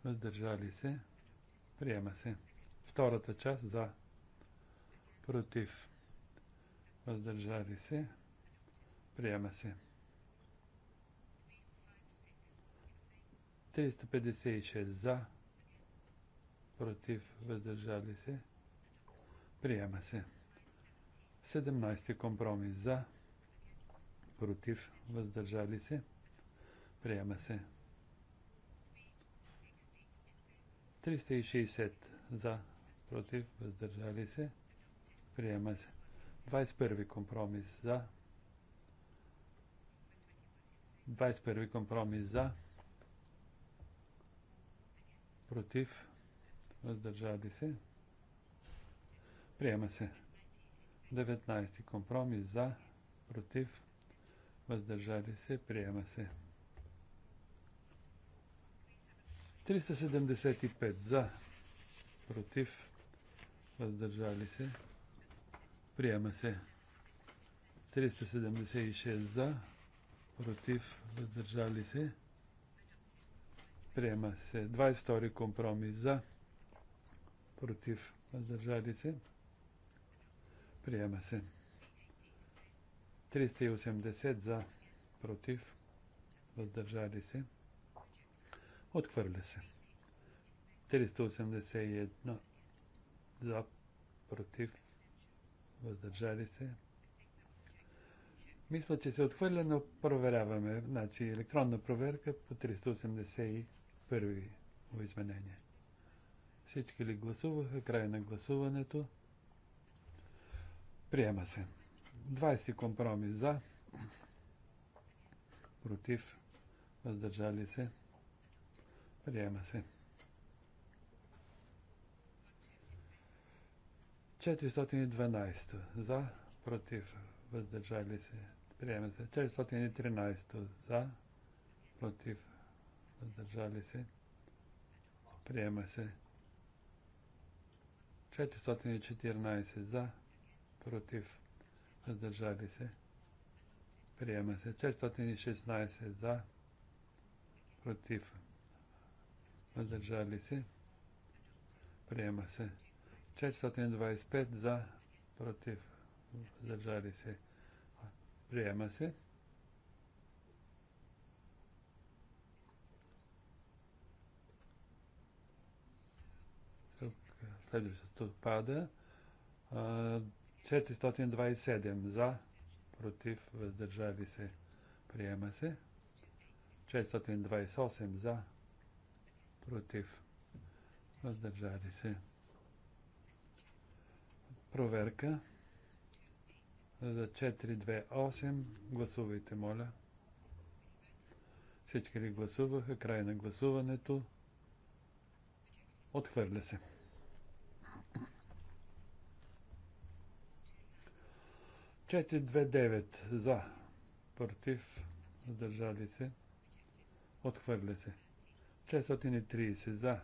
въздържали се приема се втората част за против въздържали се приема се 356 за, против, въздържали се, приема се. 17 компромис за, против, въздържали се, приема се. 360 за, против, въздържали се, приема се. 21 компромис за, 21 компромис за, против, въздържали се, приема се. 19 компромис за, против, въздържали се, приема се. 375 за, против, въздържали се, приема се. 376 за, против, въздържали се, Приема се. 22 компромис за. Против. Въздържали се. Приема се. 380 за. Против. Въздържали се. Отхвърля се. 381 за. Против. Въздържали се. Мисля, че се отхвърля, но проверяваме. Значи електронна проверка по 380 и първи изменения. Всички ли гласуваха? Край на гласуването. Приема се. 20 компромис за, против, въздържали се. Приема се. 412 за, против, въздържали се. Приема се. 413 за, против, въздържали се, приема се. 414 за, против, въздържали се, приема се. 416 за, против, въздържали се, приема се. 425 за, против, въздържали се, приема се. Следващото пада. 427 за, против, въздържали се, приема се. 428 за, против, въздържали се. Проверка за 428. Гласувайте, моля. Всички ли гласуваха? Край на гласуването. Отхвърля се. 429 за, против, въздържали се, отхвърля се. 630 за,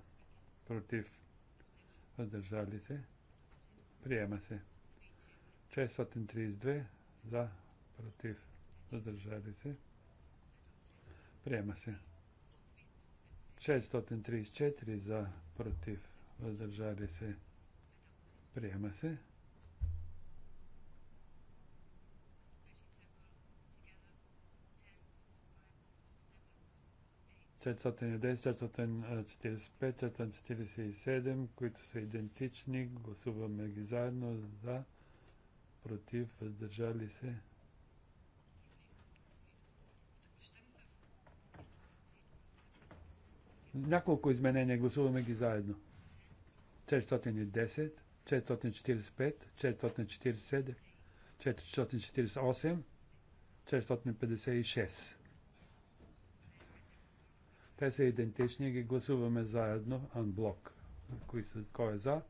против, въздържали се, приема се. 632 за, против, въздържали се, приема се. 634 за, против, въздържали се, приема се. 410, 445, 447, които са идентични. Гласуваме ги заедно за, против, въздържали се. Няколко изменения гласуваме ги заедно. 410, 445, 447, 448, 456. Те са идентични, ги гласуваме заедно, анблок. Кои са, кой е за?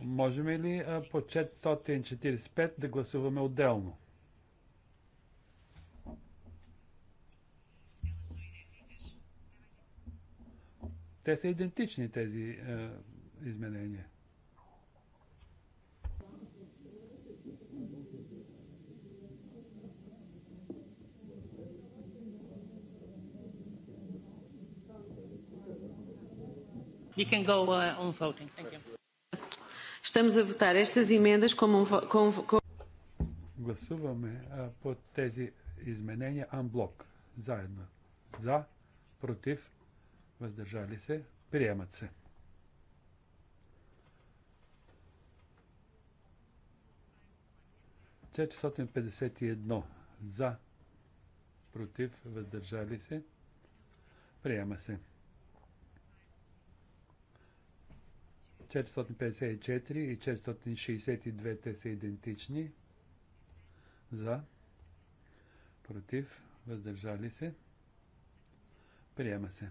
Можем ли а, по 445 да гласуваме отделно? Те са идентични тези изменения. You can go uh, on voting. Thank you. Estamos a votar estas emendas como um, um, com, com... Гласуваме по тези изменения анблок. Заедно. За, против, въздържали се, приемат се. Четиристотин за, против, въздържали се, приема се. 454 и 462 те са идентични. За. Против. Въздържали се. Приема се.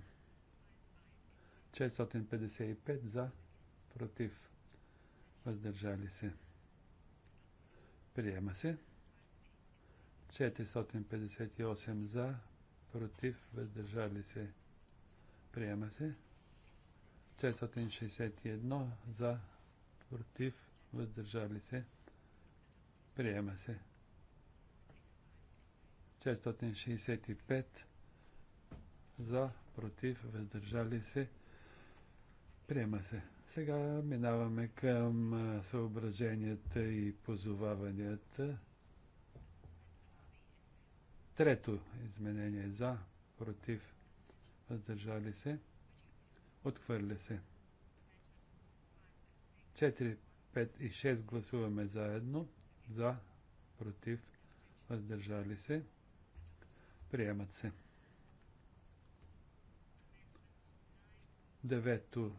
455 за. Против. Въздържали се. Приема се. 458 за. Против. Въздържали се. Приема се. 661 за, против, въздържали се, приема се. 665 за, против, въздържали се, приема се. Сега минаваме към съображенията и позоваванията. Трето изменение за, против, въздържали се. Отхвърля се. 4, 5 и 6 гласуваме заедно. За, против, въздържали се. Приемат се. Девето,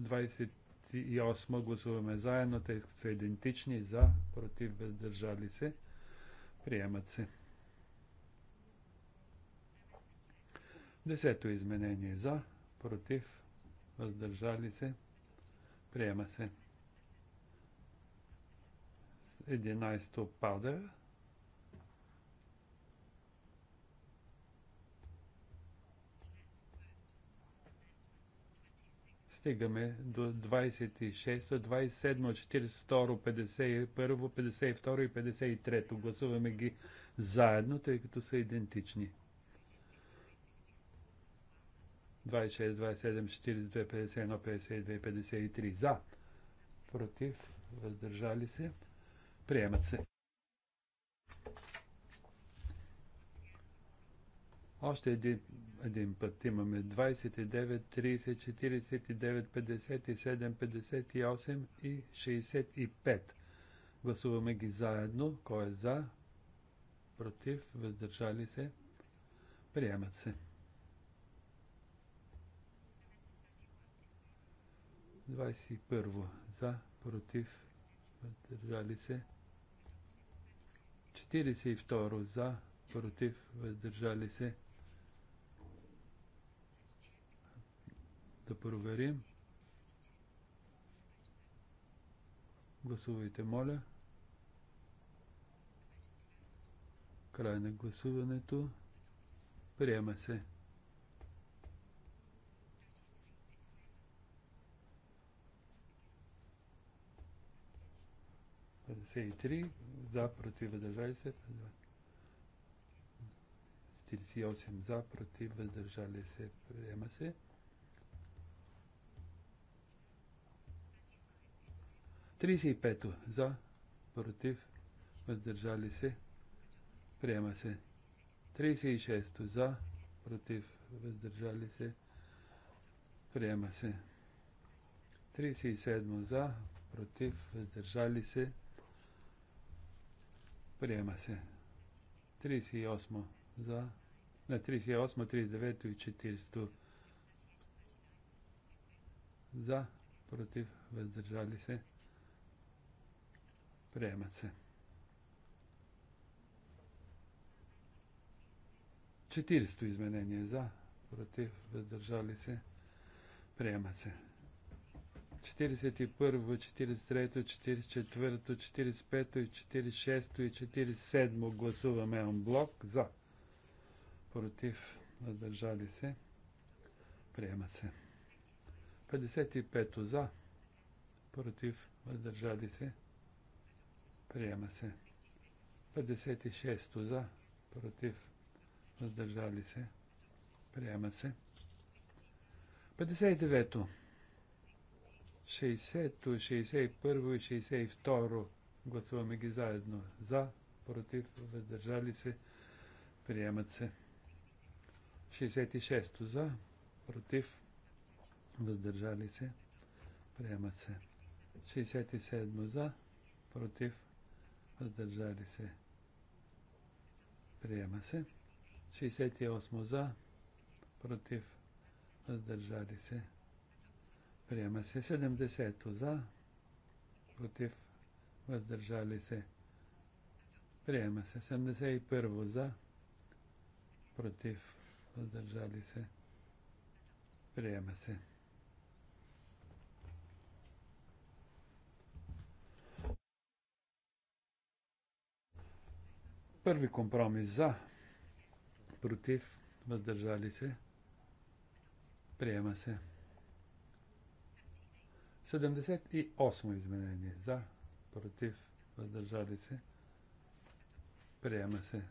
28 гласуваме заедно. Те са идентични. За, против, въздържали се. Приемат се. Десето изменение за, против, въздържали се, приема се. 11 пада. Стигаме до 26, 27, 42, 51, 52 и 53. Гласуваме ги заедно, тъй като са идентични. 26, 27, 42, 51, 52, 53 за, против, въздържали се, приемат се. Още един, един път имаме 29, 30, 49, 57, 58 и 65. Гласуваме ги заедно. Кой е за? Против? Въздържали се? Приемат се. 21. За, против, въздържали се. 42. За, против, въздържали се. Да проверим. Гласувайте, моля. Край на гласуването. Приема се. 53 за, против, въздържали се. 48 за, против, въздържали се. Приема се. 35 за, против, въздържали се. Приема се. 36 за, против, въздържали се. Приема се. 37 за, против, въздържали се. Приема се. 38 за. На 38, 39 и 40 за, против, въздържали се. Приемат се. 40 изменение за, против, въздържали се. Приемат се. 41, 43, 44, 45 и 46 и 47 гласуваме блок за. Против, въздържали се. Приемат се. 55 за. Против, въздържали се. Приема се. 56 за. Против, въздържали се. Приема се. 59 60-то, 61-во и 62-ро. Гласуваме ги заедно. За, против, въздържали се, приемат се. 66-то за, против, въздържали се, приемат се. 67 за, против, въздържали се, приема се. 68 за, против, въздържали се, Приема се 70 за, против, въздържали се. Приема се 71 за, против, въздържали се. Приема се. Първи компромис за, против, въздържали се. Приема се. 78 изменение. За, против, въздържали се. Приема се.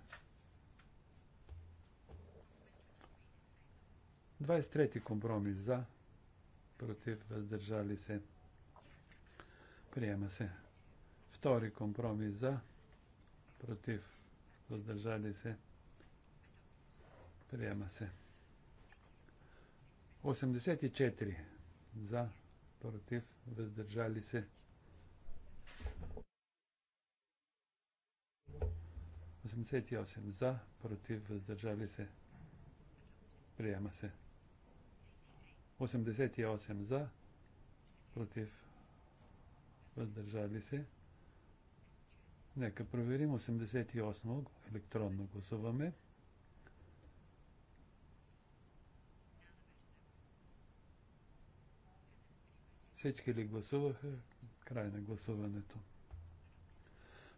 23 компромис. За, против, въздържали се. Приема се. Втори компромис. За, против, въздържали се. Приема се. 84 за, против, въздържали се. за, против, въздържали се. Приема се. 88 за, против, въздържали се. Нека проверим 88 електронно гласуваме. 88. Всички ли гласуваха? Край на гласуването.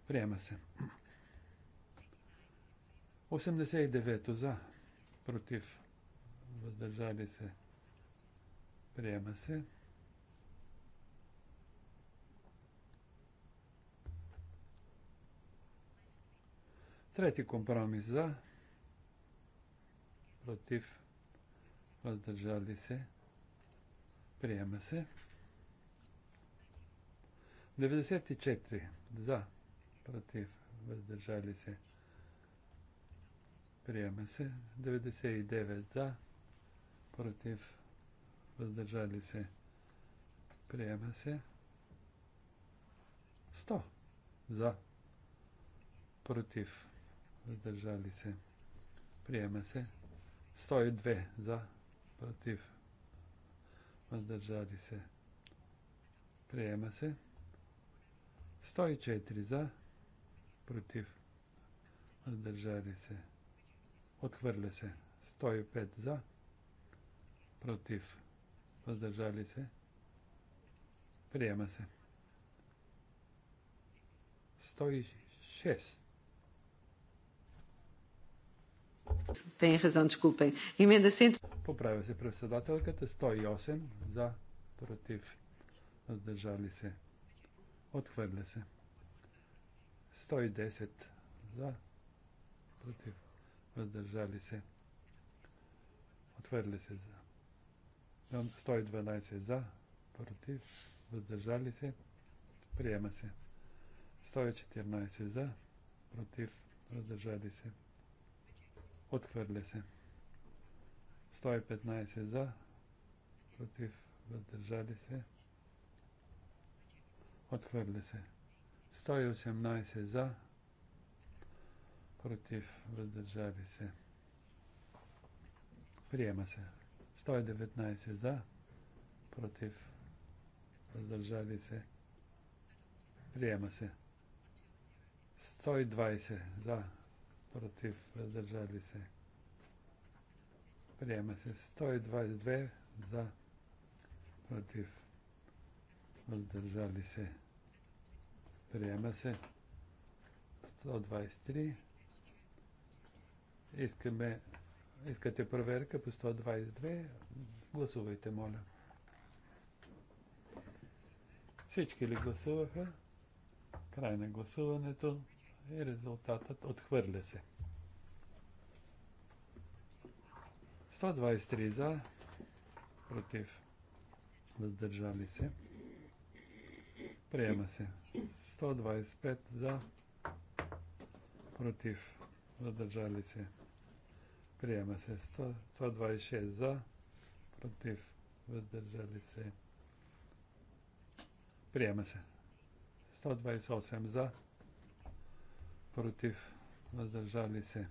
Приема се. 89-то за, против, въздържали се. Приема се. Трети компромис за, против, въздържали се. Приема се. 94 за, против, въздържали се. Приема се. 99 за, против, въздържали се. Приема се. 100 за, против, въздържали се. Приема се. 102 за, против, въздържали се. Приема се. 104 за, против, въздържали се, отхвърля се. 105 за, против, въздържали се, приема се. 106. Поправя се председателката. 108 за, против, въздържали се. Отхвърля се. 110 за. Против. Въздържали се. Отхвърля се за. 112 за. Против. Въздържали се. Приема се. 114 за. Против. Въздържали се. Отхвърля се. 115 за. Против. Въздържали се. Отхвърля се. 118 за. Против. Въздържали се. Приема се. 119 за. Против. Въздържали се. Приема се. 120 за. Против. Въздържали се. Приема се. 122 за. Против въздържали се, приема се. 123. Искаме, искате проверка по 122. Гласувайте, моля. Всички ли гласуваха? Край на гласуването и резултатът отхвърля се. 123 за, против, въздържали се, Приема се. 125 за. Против. Въздържали се. Приема се. 100, 126 за. Против. Въздържали се. Приема се. 128 за. Против. Въздържали се.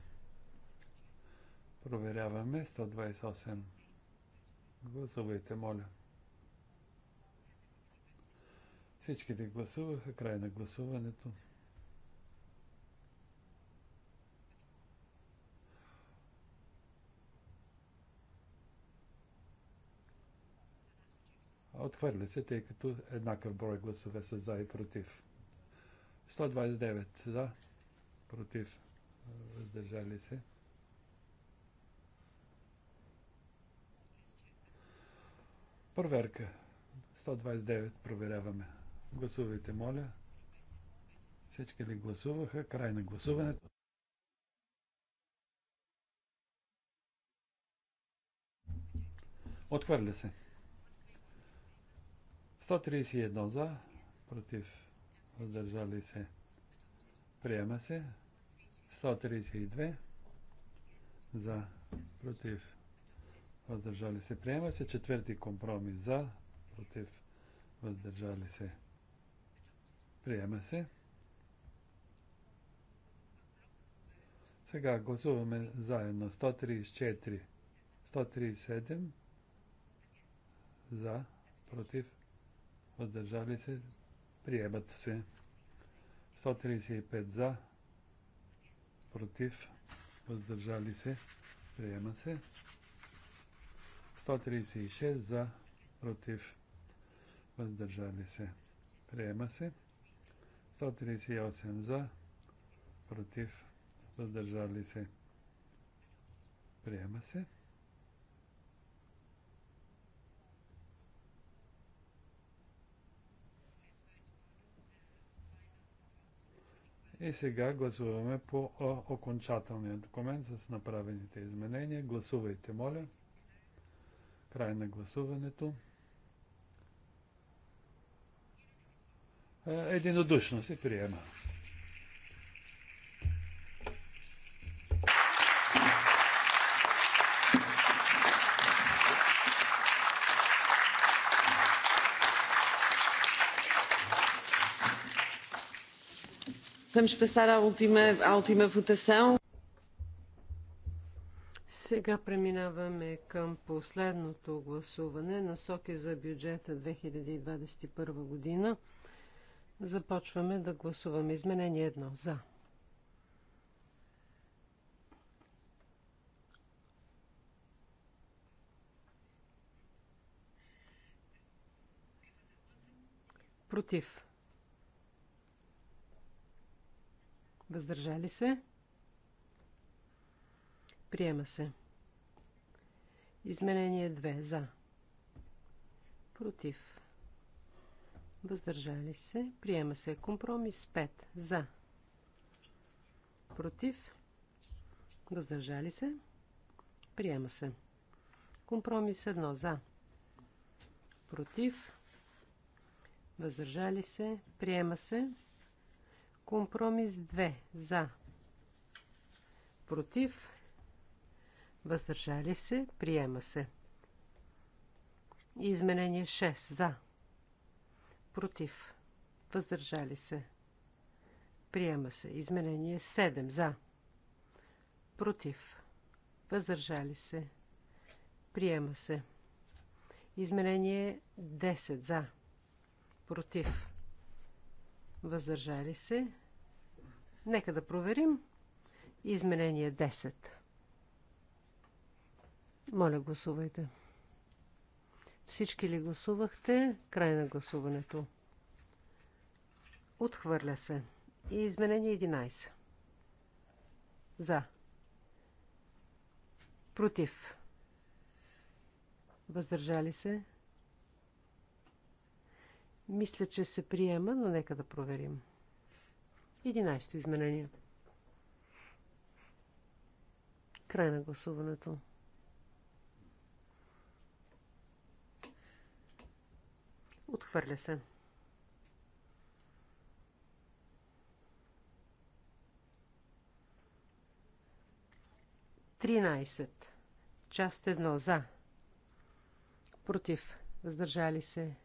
Проверяваме. 128. Гласувайте, моля. 128. Всички гласуваха. Край на гласуването. Отхвърля се, тъй като еднакъв брой гласове са за и против. 129 за, против, въздържали се. Проверка. 129 проверяваме. Гласувайте, моля. Всички ли гласуваха? Край на гласуването. Отхвърля се. 131 за, против, въздържали се. Приема се. 132 за, против, въздържали се. Приема се. Четвърти компромис за, против, въздържали се. Приема се. Сега гласуваме заедно 134, 137 за, против, въздържали се, приемат се. 135 за, против, въздържали се, приема се. 136 за, против, въздържали се, приема се. 138 за, против, въздържали се. Приема се. И сега гласуваме по окончателния документ с направените изменения. Гласувайте, моля. Край на гласуването. Е, единодушно се приема. Vamos passar à última, à última votação. Сега преминаваме към последното гласуване насоки за бюджета 2021 година. Започваме да гласуваме. Изменение едно. За. Против. Въздържали се. Приема се. Изменение 2. За. Против. Въздържали се. Приема се. Компромис 5. За. Против. Въздържали се. Приема се. Компромис 1. За. Против. Въздържали се. Приема се. Компромис 2. За. Против. Въздържали се. Приема се. Изменение 6. За. Против. Въздържали се. Приема се. Изменение 7. За. Против. Въздържали се. Приема се. Изменение 10. За. Против. Въздържали се. Нека да проверим. Изменение 10. Моля, гласувайте. Всички ли гласувахте? Край на гласуването. Отхвърля се. И изменение 11. За. Против. Въздържали се. Мисля, че се приема, но нека да проверим. 11 изменение. Край на гласуването. Отхвърля се. Тринайсет. Част едно. За. Против. Въздържали се.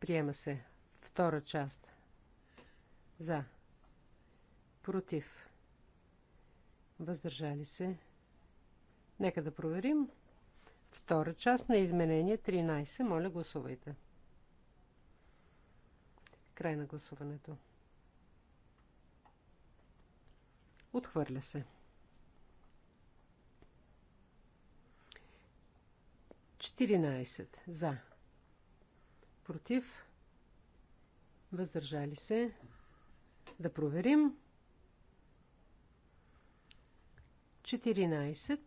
Приема се. Втора част. За. Против. Въздържали се. Нека да проверим. Втора част на изменение 13. Моля, гласувайте. Край на гласуването. Отхвърля се. 14 за. Против. Въздържали се. Да проверим. 14.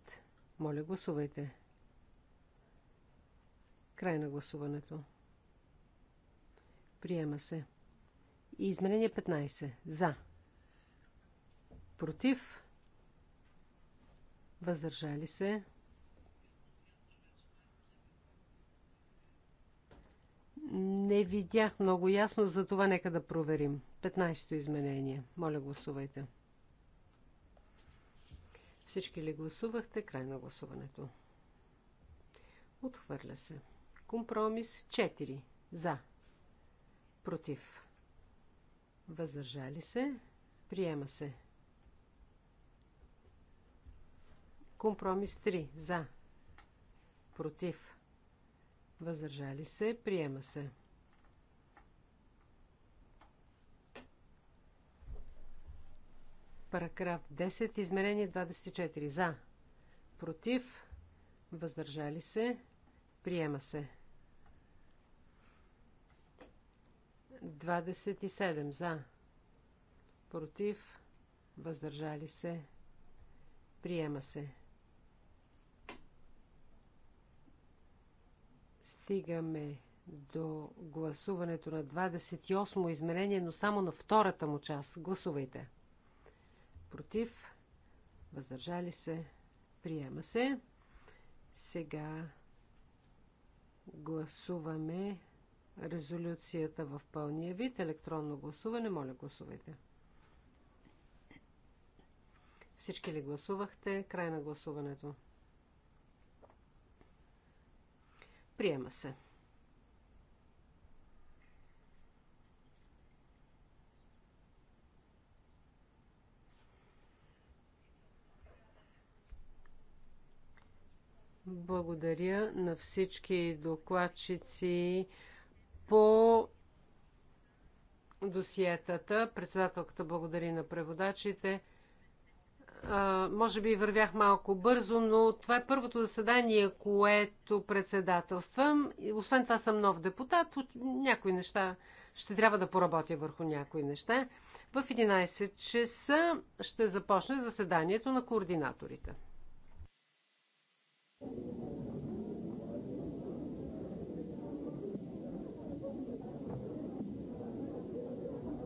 Моля, гласувайте. Край на гласуването. Приема се. И изменение 15. За. Против. Въздържали се. Не видях много ясно, затова нека да проверим. 15-то изменение. Моля, гласувайте. Всички ли гласувахте? Край на гласуването. Отхвърля се. Компромис 4. За. Против. Въздържали се. Приема се. Компромис 3. За. Против. Въздържали се. Приема се. Параграф 10. Измерение 24. За. Против. Въздържали се. Приема се. 27 за. Против. Въздържали се. Приема се. Стигаме до гласуването на 28 изменение, но само на втората му част. Гласувайте. Против. Въздържали се. Приема се. Сега гласуваме резолюцията в пълния вид. Електронно гласуване. Моля, гласувайте. Всички ли гласувахте? Край на гласуването. Приема се. Благодаря на всички докладчици по досиетата. Председателката благодари на преводачите. А, може би вървях малко бързо, но това е първото заседание, което председателствам. Освен това съм нов депутат. Някои неща ще трябва да поработя върху някои неща. В 11 часа ще започне заседанието на координаторите.